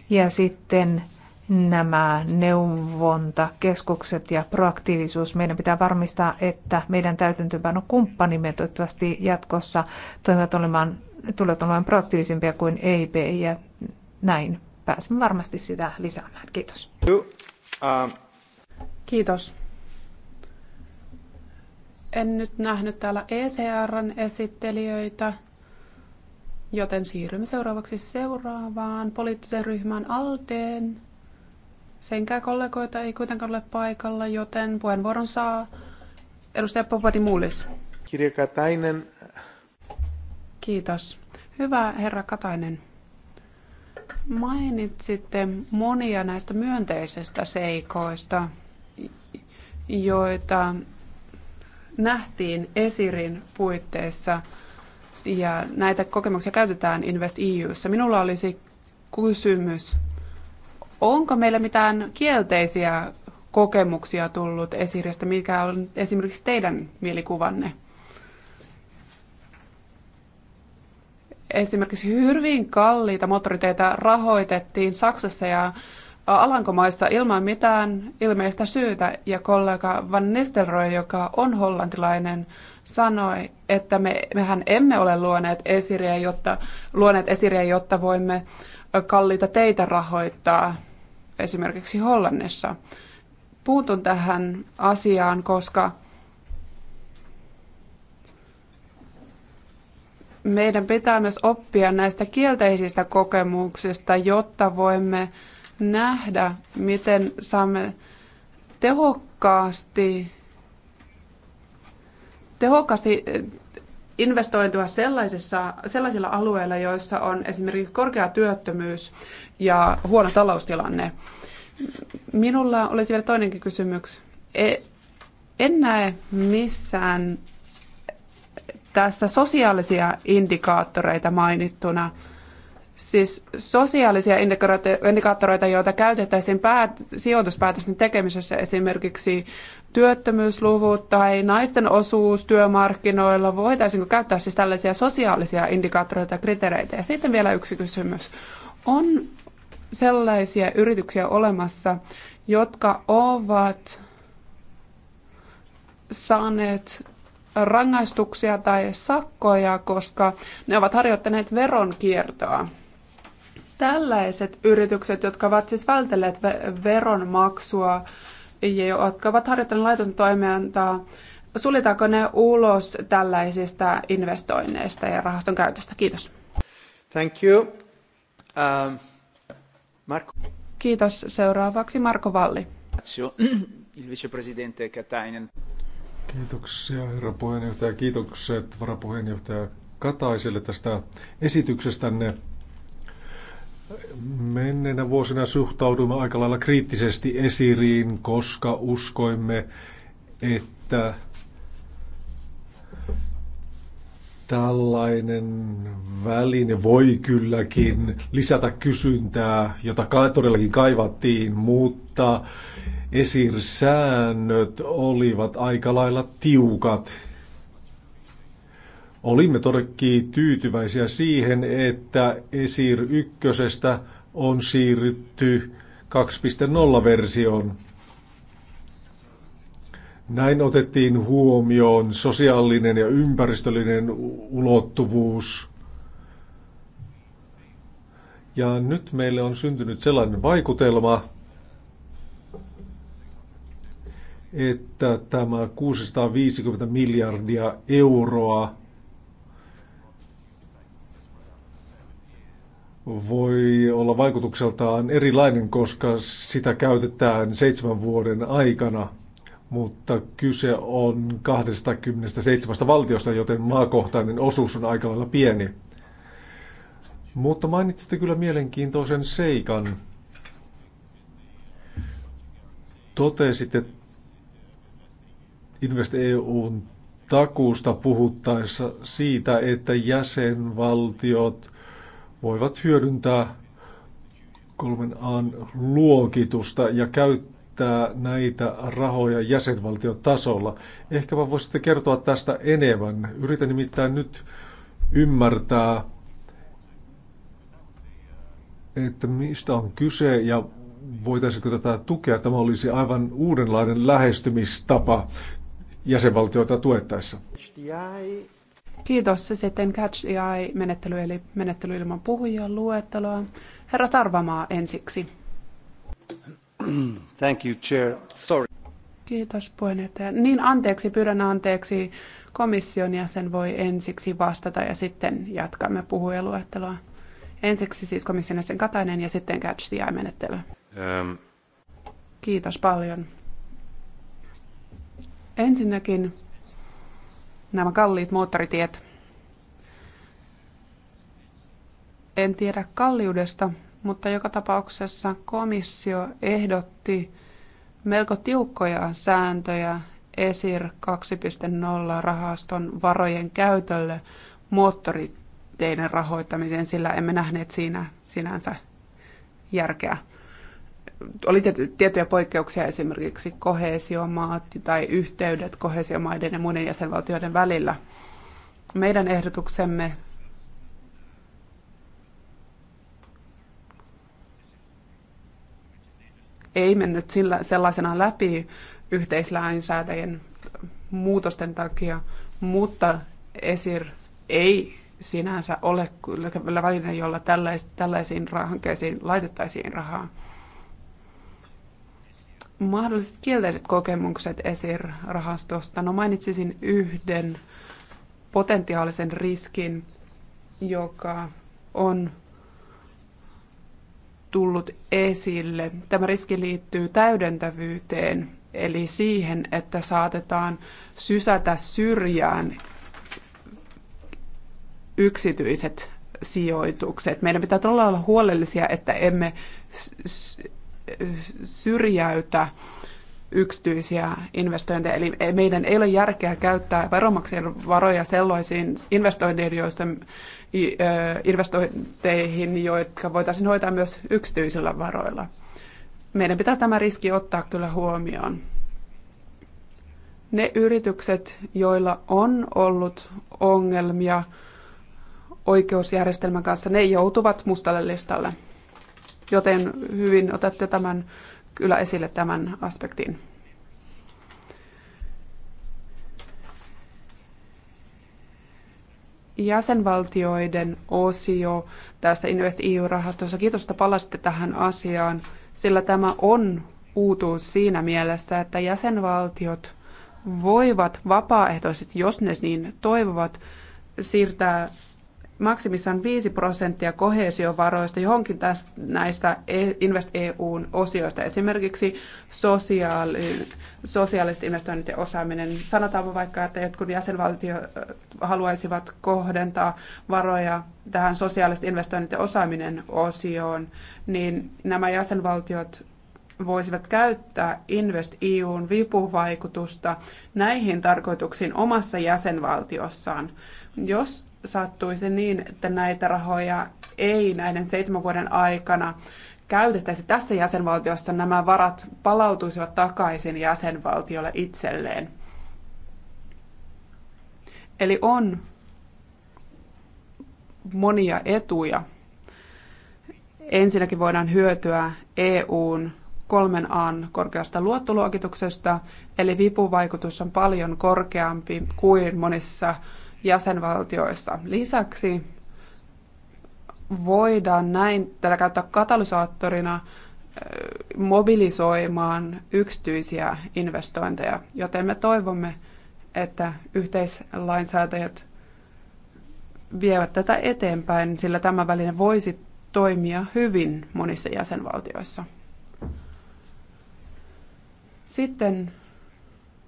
Ja sitten nämä neuvontakeskukset ja proaktiivisuus. Meidän pitää varmistaa, että meidän täytäntöönpano kumppanimme toivottavasti jatkossa toimivat olemaan, tulevat olemaan proaktiivisempia kuin EIP ja näin pääsemme
varmasti sitä lisäämään. Kiitos. Kiitos. En nyt nähnyt täällä ECRn esittelijöitä, joten siirrymme seuraavaksi seuraavaan poliittiseen ryhmään Aldeen Senkään kollegoita ei kuitenkaan ole paikalla, joten puheenvuoron saa edustaja Mullis. Kirja Katainen. Kiitos. Hyvä herra Katainen. Mainitsitte monia näistä myönteisistä seikoista, joita nähtiin Esirin puitteissa ja näitä kokemuksia käytetään Invest EU:ssa. Minulla olisi kysymys Onko meillä mitään kielteisiä kokemuksia tullut esiristä? Mikä on esimerkiksi teidän mielikuvanne? Esimerkiksi hyvin kalliita moottoriteitä rahoitettiin Saksassa ja Alankomaissa ilman mitään ilmeistä syytä, ja kollega Van Nistelrooy, joka on hollantilainen, sanoi, että me, mehän emme ole luoneet esiriä, jotta, luoneet esiriä, jotta voimme kalliita teitä rahoittaa esimerkiksi Hollannissa. Puutun tähän asiaan, koska meidän pitää myös oppia näistä kielteisistä kokemuksista, jotta voimme nähdä, miten saamme tehokkaasti, tehokkaasti investointua sellaisissa, sellaisilla alueilla, joissa on esimerkiksi korkea työttömyys ja huono taloustilanne. Minulla olisi vielä toinenkin kysymys. E, en näe missään tässä sosiaalisia indikaattoreita mainittuna siis sosiaalisia indikaattoreita, joita käytettäisiin päät- sijoituspäätösten tekemisessä, esimerkiksi työttömyysluvut tai naisten osuus työmarkkinoilla, voitaisiinko käyttää siis tällaisia sosiaalisia indikaattoreita ja kriteereitä. Ja sitten vielä yksi kysymys. On sellaisia yrityksiä olemassa, jotka ovat saaneet rangaistuksia tai sakkoja, koska ne ovat harjoittaneet veronkiertoa. Tällaiset yritykset, jotka ovat siis vältelleet veronmaksua ja jotka ovat harjoittaneet laitonta toimintaa, suljetaanko ne ulos tällaisista investoinneista ja rahaston käytöstä? Kiitos. Thank you. Um, Marco. Kiitos. Seuraavaksi Marko Valli.
Il vicepresidente Katainen. Kiitoksia herra puheenjohtaja. Kiitokset varapuheenjohtaja Kataiselle tästä esityksestänne. Menneenä vuosina suhtauduimme aika lailla kriittisesti esiriin, koska uskoimme, että tällainen väline voi kylläkin lisätä kysyntää, jota todellakin kaivattiin, mutta esirsäännöt olivat aika lailla tiukat Olimme todellakin tyytyväisiä siihen, että Esir 1 on siirrytty 2.0-versioon. Näin otettiin huomioon sosiaalinen ja ympäristöllinen ulottuvuus. Ja nyt meille on syntynyt sellainen vaikutelma, että tämä 650 miljardia euroa voi olla vaikutukseltaan erilainen, koska sitä käytetään seitsemän vuoden aikana, mutta kyse on 27 valtiosta, joten maakohtainen osuus on aika lailla pieni. Mutta mainitsitte kyllä mielenkiintoisen seikan. Totesitte Invest EUn takuusta puhuttaessa siitä, että jäsenvaltiot – voivat hyödyntää kolmen an luokitusta ja käyttää näitä rahoja Ehkä Ehkäpä voisitte kertoa tästä enemmän. Yritän nimittäin nyt ymmärtää, että mistä on kyse ja voitaisiinko tätä tukea. Tämä olisi aivan uudenlainen lähestymistapa jäsenvaltioita tuettaessa.
Kiitos. Sitten Catch the Eye-menettely, eli menettely ilman puhujien luetteloa. Herra Sarvamaa ensiksi.
Thank you, Chair. Sorry.
Kiitos puheenjohtaja. Niin anteeksi, pyydän anteeksi. Komission jäsen voi ensiksi vastata ja sitten jatkamme puhujaluetteloa. Ensiksi siis komission jäsen Katainen ja sitten Catch the Eye-menettely. Um. Ähm. Kiitos paljon. Ensinnäkin nämä kalliit moottoritiet. En tiedä kalliudesta, mutta joka tapauksessa komissio ehdotti melko tiukkoja sääntöjä ESIR 2.0 rahaston varojen käytölle moottoriteiden rahoittamiseen, sillä emme nähneet siinä sinänsä järkeä oli tiettyjä poikkeuksia esimerkiksi kohesiomaat tai yhteydet kohesiomaiden ja muiden jäsenvaltioiden välillä. Meidän ehdotuksemme ei mennyt sellaisena sellaisenaan läpi yhteislainsäätäjien muutosten takia, mutta ESIR ei sinänsä ole kyllä väline, jolla tällaisiin hankkeisiin laitettaisiin rahaa mahdolliset kielteiset kokemukset esirahastosta? No mainitsisin yhden potentiaalisen riskin, joka on tullut esille. Tämä riski liittyy täydentävyyteen, eli siihen, että saatetaan sysätä syrjään yksityiset sijoitukset. Meidän pitää todella olla huolellisia, että emme syrjäytä yksityisiä investointeja. Eli meidän ei ole järkeä käyttää veronmaksajien varoja sellaisiin investointeihin, joissa, investointeihin, jotka voitaisiin hoitaa myös yksityisillä varoilla. Meidän pitää tämä riski ottaa kyllä huomioon. Ne yritykset, joilla on ollut ongelmia oikeusjärjestelmän kanssa, ne joutuvat mustalle listalle joten hyvin otatte tämän kyllä esille tämän aspektin. jäsenvaltioiden osio tässä Invest EU-rahastossa. Kiitos, että palasitte tähän asiaan, sillä tämä on uutuus siinä mielessä, että jäsenvaltiot voivat vapaaehtoisesti, jos ne niin toivovat, siirtää maksimissaan 5 prosenttia kohesiovaroista johonkin tästä, näistä e-, Invest EUn osioista, esimerkiksi sosiaali, sosiaaliset investoinnit ja osaaminen. Sanotaanpa vaikka, että jotkut jäsenvaltiot äh, haluaisivat kohdentaa varoja tähän sosiaaliset investoinnit ja osaaminen osioon, niin nämä jäsenvaltiot voisivat käyttää Invest EUn vipuvaikutusta näihin tarkoituksiin omassa jäsenvaltiossaan. Jos se niin, että näitä rahoja ei näiden seitsemän vuoden aikana käytettäisi tässä jäsenvaltiossa, nämä varat palautuisivat takaisin jäsenvaltiolle itselleen. Eli on monia etuja. Ensinnäkin voidaan hyötyä EUn kolmen an korkeasta luottoluokituksesta, eli vipuvaikutus on paljon korkeampi kuin monissa jäsenvaltioissa. Lisäksi voidaan näin tällä käyttää katalysaattorina mobilisoimaan yksityisiä investointeja, joten me toivomme, että yhteislainsäätäjät vievät tätä eteenpäin, sillä tämä väline voisi toimia hyvin monissa jäsenvaltioissa. Sitten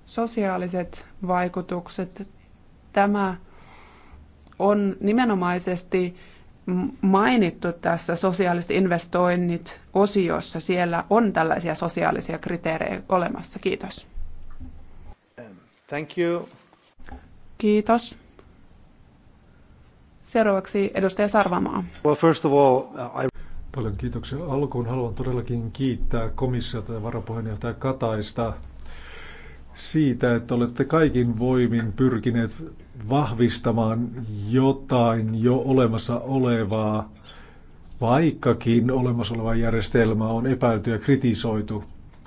sosiaaliset vaikutukset tämä on nimenomaisesti mainittu tässä sosiaaliset investoinnit osiossa. Siellä on tällaisia sosiaalisia kriteerejä olemassa. Kiitos. Um, thank you. Kiitos. Seuraavaksi edustaja Sarvamaa.
Well, first of all, uh, I... Paljon kiitoksia alkuun. Haluan todellakin kiittää komissiota ja varapuheenjohtaja Kataista siitä, että olette kaikin voimin pyrkineet vahvistamaan jotain jo olemassa olevaa, vaikkakin olemassa oleva järjestelmä on epäilty ja kritisoitu.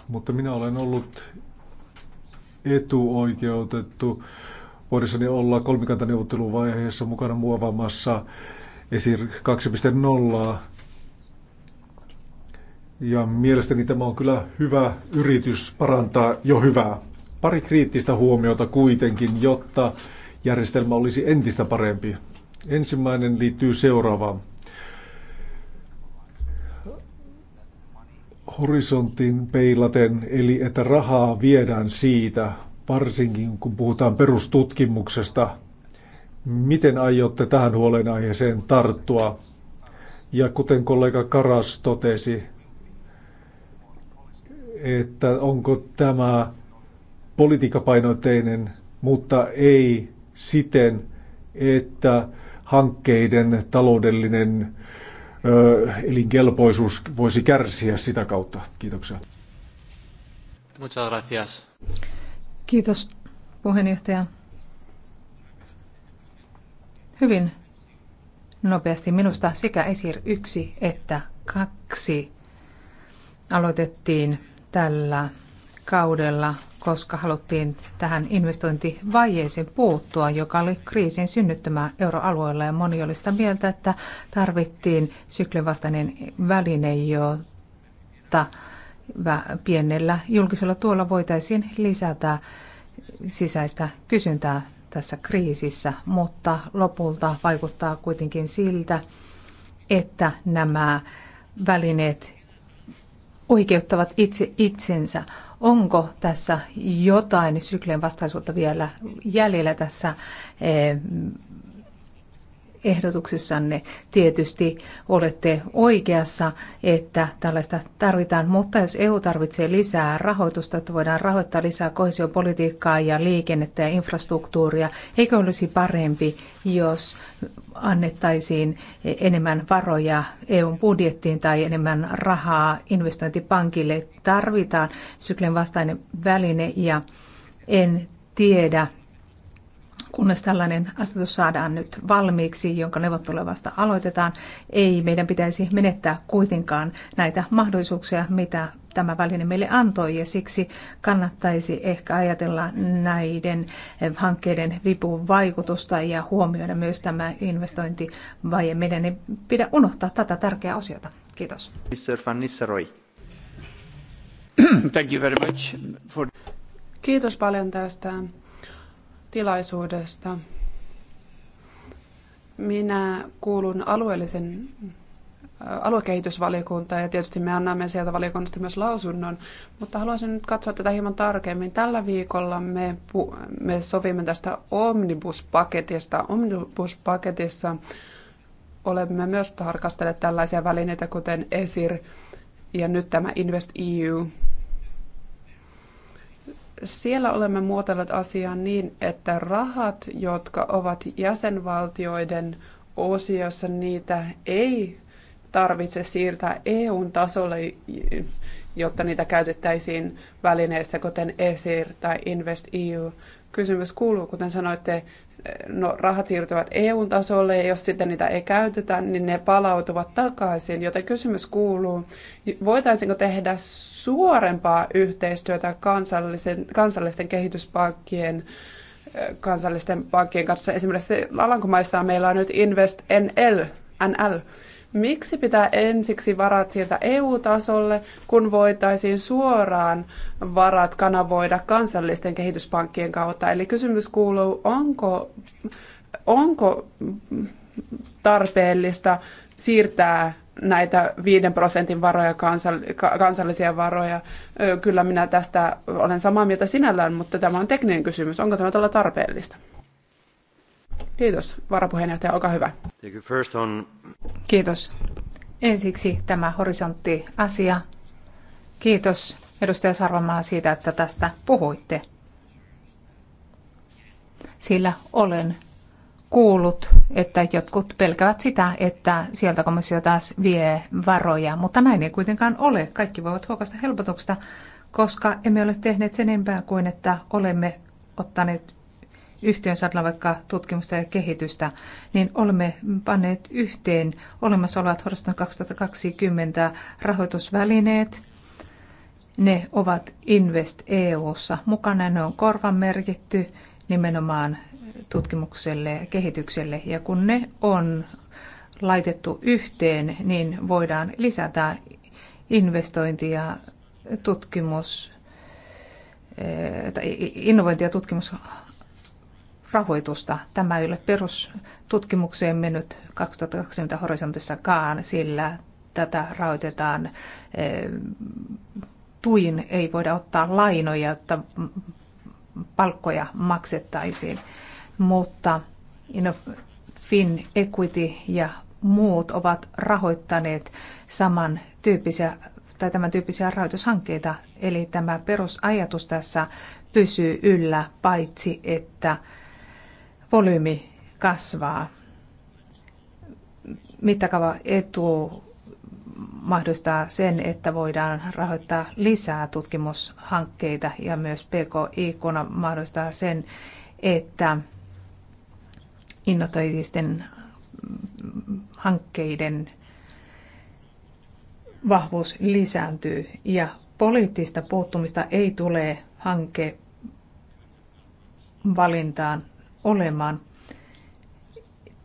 Mutta minä olen ollut etuoikeutettu vuodessani olla kolmikantaneuvotteluvaiheessa mukana muovaamassa esir 2.0. Ja mielestäni tämä on kyllä hyvä yritys parantaa jo hyvää. Pari kriittistä huomiota kuitenkin, jotta järjestelmä olisi entistä parempi. Ensimmäinen liittyy seuraavaan. Horisontin peilaten, eli että rahaa viedään siitä, varsinkin kun puhutaan perustutkimuksesta. Miten aiotte tähän huolenaiheeseen tarttua? Ja kuten kollega Karas totesi, että onko tämä politiikkapainotteinen, mutta ei siten, että hankkeiden taloudellinen ö, elinkelpoisuus voisi kärsiä sitä kautta. Kiitoksia.
Muchas gracias.
Kiitos puheenjohtaja. Hyvin nopeasti minusta sekä ESIR 1 että 2 aloitettiin tällä kaudella koska haluttiin tähän investointivajeeseen puuttua, joka oli kriisin synnyttämä euroalueella ja moni oli sitä mieltä, että tarvittiin syklin väline, jota pienellä julkisella tuolla voitaisiin lisätä sisäistä kysyntää tässä kriisissä, mutta lopulta vaikuttaa kuitenkin siltä, että nämä välineet oikeuttavat itse itsensä. Onko tässä jotain syklien vastaisuutta vielä jäljellä tässä eh, ehdotuksissanne. Tietysti olette oikeassa, että tällaista tarvitaan, mutta jos EU tarvitsee lisää rahoitusta, että voidaan rahoittaa lisää kohesiopolitiikkaa ja liikennettä ja infrastruktuuria, eikö olisi parempi, jos annettaisiin enemmän varoja EUn budjettiin tai enemmän rahaa investointipankille. Tarvitaan syklen vastainen väline ja en tiedä, kunnes tällainen asetus saadaan nyt valmiiksi, jonka vasta aloitetaan, ei meidän pitäisi menettää kuitenkaan näitä mahdollisuuksia, mitä tämä väline meille antoi ja siksi kannattaisi ehkä ajatella näiden hankkeiden vipun vaikutusta ja huomioida myös tämä investointivaje. Meidän ei pidä unohtaa tätä tärkeää osiota. Kiitos.
Mr. Van Nisseroy. Thank you very much for... Kiitos paljon tästä tilaisuudesta. Minä kuulun alueellisen äh, aluekehitysvaliokuntaan ja tietysti me annamme sieltä valiokunnasta myös lausunnon, mutta haluaisin nyt katsoa tätä hieman tarkemmin. Tällä viikolla me, me sovimme tästä omnibuspaketista. Omnibuspaketissa olemme myös tarkastelleet tällaisia välineitä kuten ESIR ja nyt tämä Invest EU siellä olemme muotoilleet asian niin, että rahat, jotka ovat jäsenvaltioiden osiossa, niitä ei tarvitse siirtää EUn tasolle, jotta niitä käytettäisiin välineissä, kuten ESIR tai Invest EU. Kysymys kuuluu, kuten sanoitte, no, rahat siirtyvät eu tasolle ja jos sitten niitä ei käytetä, niin ne palautuvat takaisin. Joten kysymys kuuluu, voitaisiinko tehdä suorempaa yhteistyötä kansallisen, kansallisten kehityspankkien kansallisten pankkien kanssa. Esimerkiksi Alankomaissa meillä on nyt Invest NL, NL Miksi pitää ensiksi varat sieltä EU-tasolle, kun voitaisiin suoraan varat kanavoida kansallisten kehityspankkien kautta? Eli kysymys kuuluu, onko, onko tarpeellista siirtää näitä 5 prosentin varoja, kansallisia varoja. Kyllä minä tästä olen samaa mieltä sinällään, mutta tämä on tekninen kysymys. Onko tämä todella tarpeellista? Kiitos, varapuheenjohtaja, olkaa hyvä. Kiitos. Ensiksi tämä horisontti-asia.
Kiitos edustaja Sarvamaa siitä, että tästä puhuitte. Sillä olen kuullut, että jotkut pelkävät sitä, että sieltä komissio taas vie varoja, mutta näin ei kuitenkaan ole. Kaikki voivat huokasta helpotuksesta, koska emme ole tehneet sen enempää kuin, että olemme ottaneet yhteen saadaan vaikka tutkimusta ja kehitystä, niin olemme panneet yhteen olemassa olevat Horisont 2020 rahoitusvälineet. Ne ovat Invest EUssa mukana, ne on korvan merkitty nimenomaan tutkimukselle ja kehitykselle. Ja kun ne on laitettu yhteen, niin voidaan lisätä investointia tutkimus eh, tai innovointi- ja tutkimus rahoitusta. Tämä ei ole perustutkimukseen mennyt 2020 horisontissakaan, sillä tätä rahoitetaan eh, tuin, ei voida ottaa lainoja, että palkkoja maksettaisiin. Mutta Fin Equity ja muut ovat rahoittaneet saman tyyppisiä tai tämän tyyppisiä rahoitushankkeita. Eli tämä perusajatus tässä pysyy yllä, paitsi että volyymi kasvaa. Mittakaava etu mahdollistaa sen, että voidaan rahoittaa lisää tutkimushankkeita ja myös PKI kona mahdollistaa sen, että innovatiivisten hankkeiden vahvuus lisääntyy ja poliittista puuttumista ei tule hanke valintaan olemaan.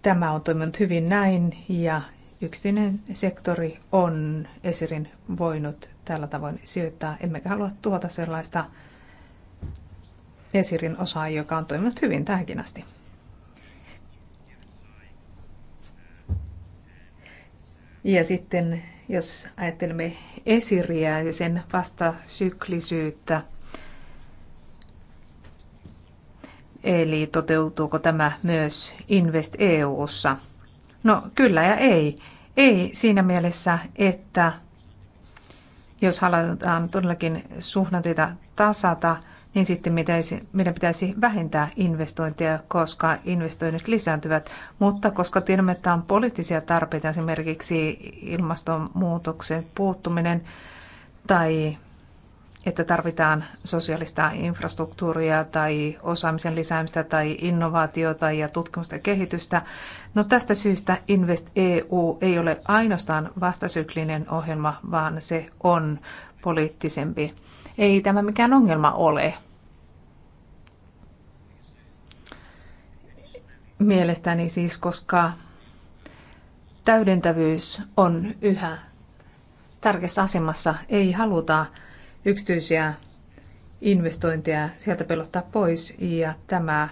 Tämä on toiminut hyvin näin ja yksityinen sektori on esirin voinut tällä tavoin sijoittaa. Emmekä halua tuota sellaista esirin osaa, joka on toiminut hyvin tähänkin asti. Ja sitten jos ajattelemme esiriä ja sen vastasyklisyyttä, Eli toteutuuko tämä myös Invest EUssa? No kyllä ja ei. Ei siinä mielessä, että jos halutaan todellakin suhdanteita tasata, niin sitten meidän pitäisi vähentää investointeja, koska investoinnit lisääntyvät. Mutta koska tiedämme, että on poliittisia tarpeita, esimerkiksi ilmastonmuutoksen puuttuminen tai että tarvitaan sosiaalista infrastruktuuria tai osaamisen lisäämistä tai innovaatiota ja tutkimusta ja kehitystä. No tästä syystä Invest EU ei ole ainoastaan vastasyklinen ohjelma, vaan se on poliittisempi. Ei tämä mikään ongelma ole. Mielestäni siis, koska täydentävyys on yhä tärkeässä asemassa, ei haluta yksityisiä investointeja sieltä pelottaa pois ja tämä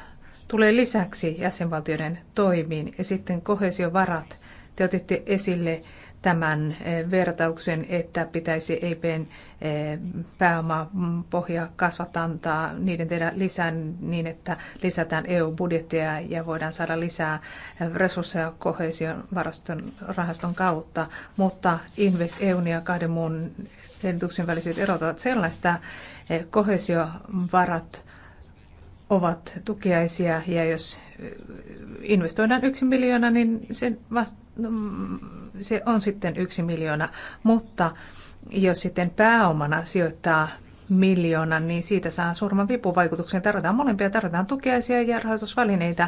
tulee lisäksi jäsenvaltioiden toimiin. Ja sitten kohesiovarat, te otitte esille tämän eh, vertauksen, että pitäisi EIPn eh, pääomapohja kasvattaa, antaa niiden tehdä lisää niin, että lisätään EU-budjettia ja voidaan saada lisää eh, resursseja kohesion rahaston kautta, mutta Invest EUn ja kahden muun hallituksen väliset erot ovat sellaista, eh, kohesiovarat ovat tukiaisia ja jos eh, investoidaan yksi miljoona, niin se, vasta, mm, se on sitten yksi miljoona, mutta jos sitten pääomana sijoittaa miljoonan, niin siitä saa suurman vipuvaikutuksen. Tarvitaan molempia, tarvitaan tukiaisia ja rahoitusvälineitä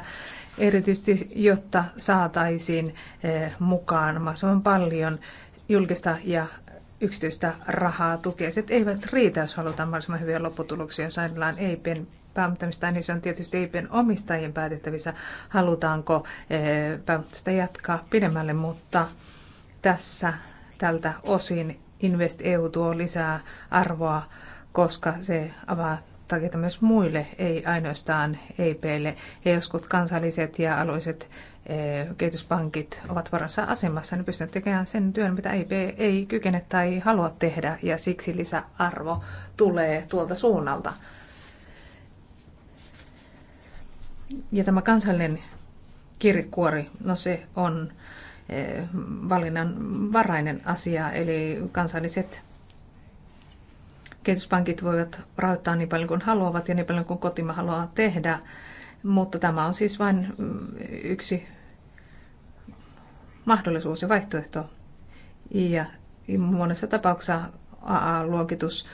erityisesti, jotta saataisiin eh, mukaan mahdollisimman paljon julkista ja yksityistä rahaa tukeiset eivät riitä, jos halutaan mahdollisimman hyviä lopputuloksia, jos ajatellaan EIPen pääomittamista, niin se on tietysti EIPen omistajien päätettävissä, halutaanko eh, pääomittamista jatkaa pidemmälle, mutta tässä tältä osin Invest EU tuo lisää arvoa, koska se avaa takia myös muille, ei ainoastaan EIPlle. Ja joskus kansalliset ja alueiset Eh, kehityspankit ovat varansa asemassa, niin pystyvät tekemään sen työn, mitä ei, ei kykene tai halua tehdä, ja siksi lisäarvo tulee tuolta suunnalta. Ja tämä kansallinen kirikuori, no se on eh, valinnan varainen asia, eli kansalliset kehityspankit voivat rahoittaa niin paljon kuin haluavat ja niin paljon kuin kotima haluaa tehdä, mutta tämä on siis vain mm, yksi mahdollisuus ja vaihtoehto. Ja monessa tapauksessa AA-luokitus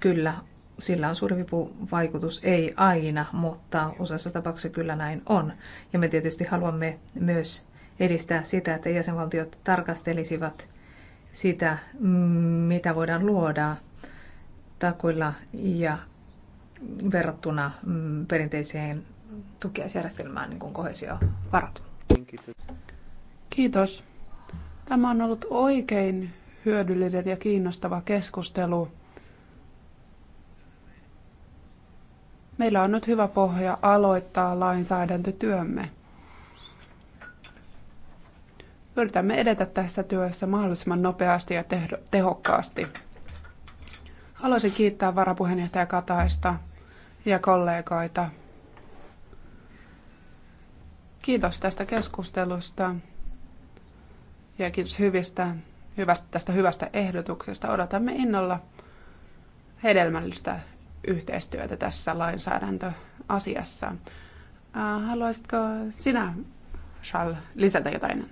kyllä sillä on suuri vaikutus ei aina, mutta useassa tapauksessa kyllä näin on. Ja me tietysti haluamme myös edistää sitä, että jäsenvaltiot tarkastelisivat sitä, mitä voidaan luoda takuilla ja verrattuna mm,
perinteiseen tukiaisjärjestelmään, niin kuin kohesiovarat. Kiitos. Tämä on ollut oikein hyödyllinen ja kiinnostava keskustelu. Meillä on nyt hyvä pohja aloittaa lainsäädäntötyömme. Yritämme edetä tässä työssä mahdollisimman nopeasti ja tehokkaasti. Haluaisin kiittää varapuheenjohtaja Kataista ja kollegoita. Kiitos tästä keskustelusta ja kiitos hyvistä, hyvästä, tästä hyvästä ehdotuksesta. Odotamme innolla hedelmällistä yhteistyötä tässä lainsäädäntöasiassa. Haluaisitko sinä, Charles, lisätä jotain?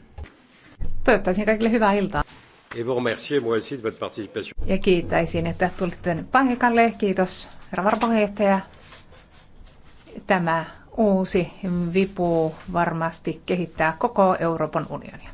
Toivottaisin kaikille hyvää iltaa.
Ja kiittäisin, että tulitte tänne paikalle. Kiitos, herra Tämä uusi vipu varmasti kehittää koko Euroopan unionia.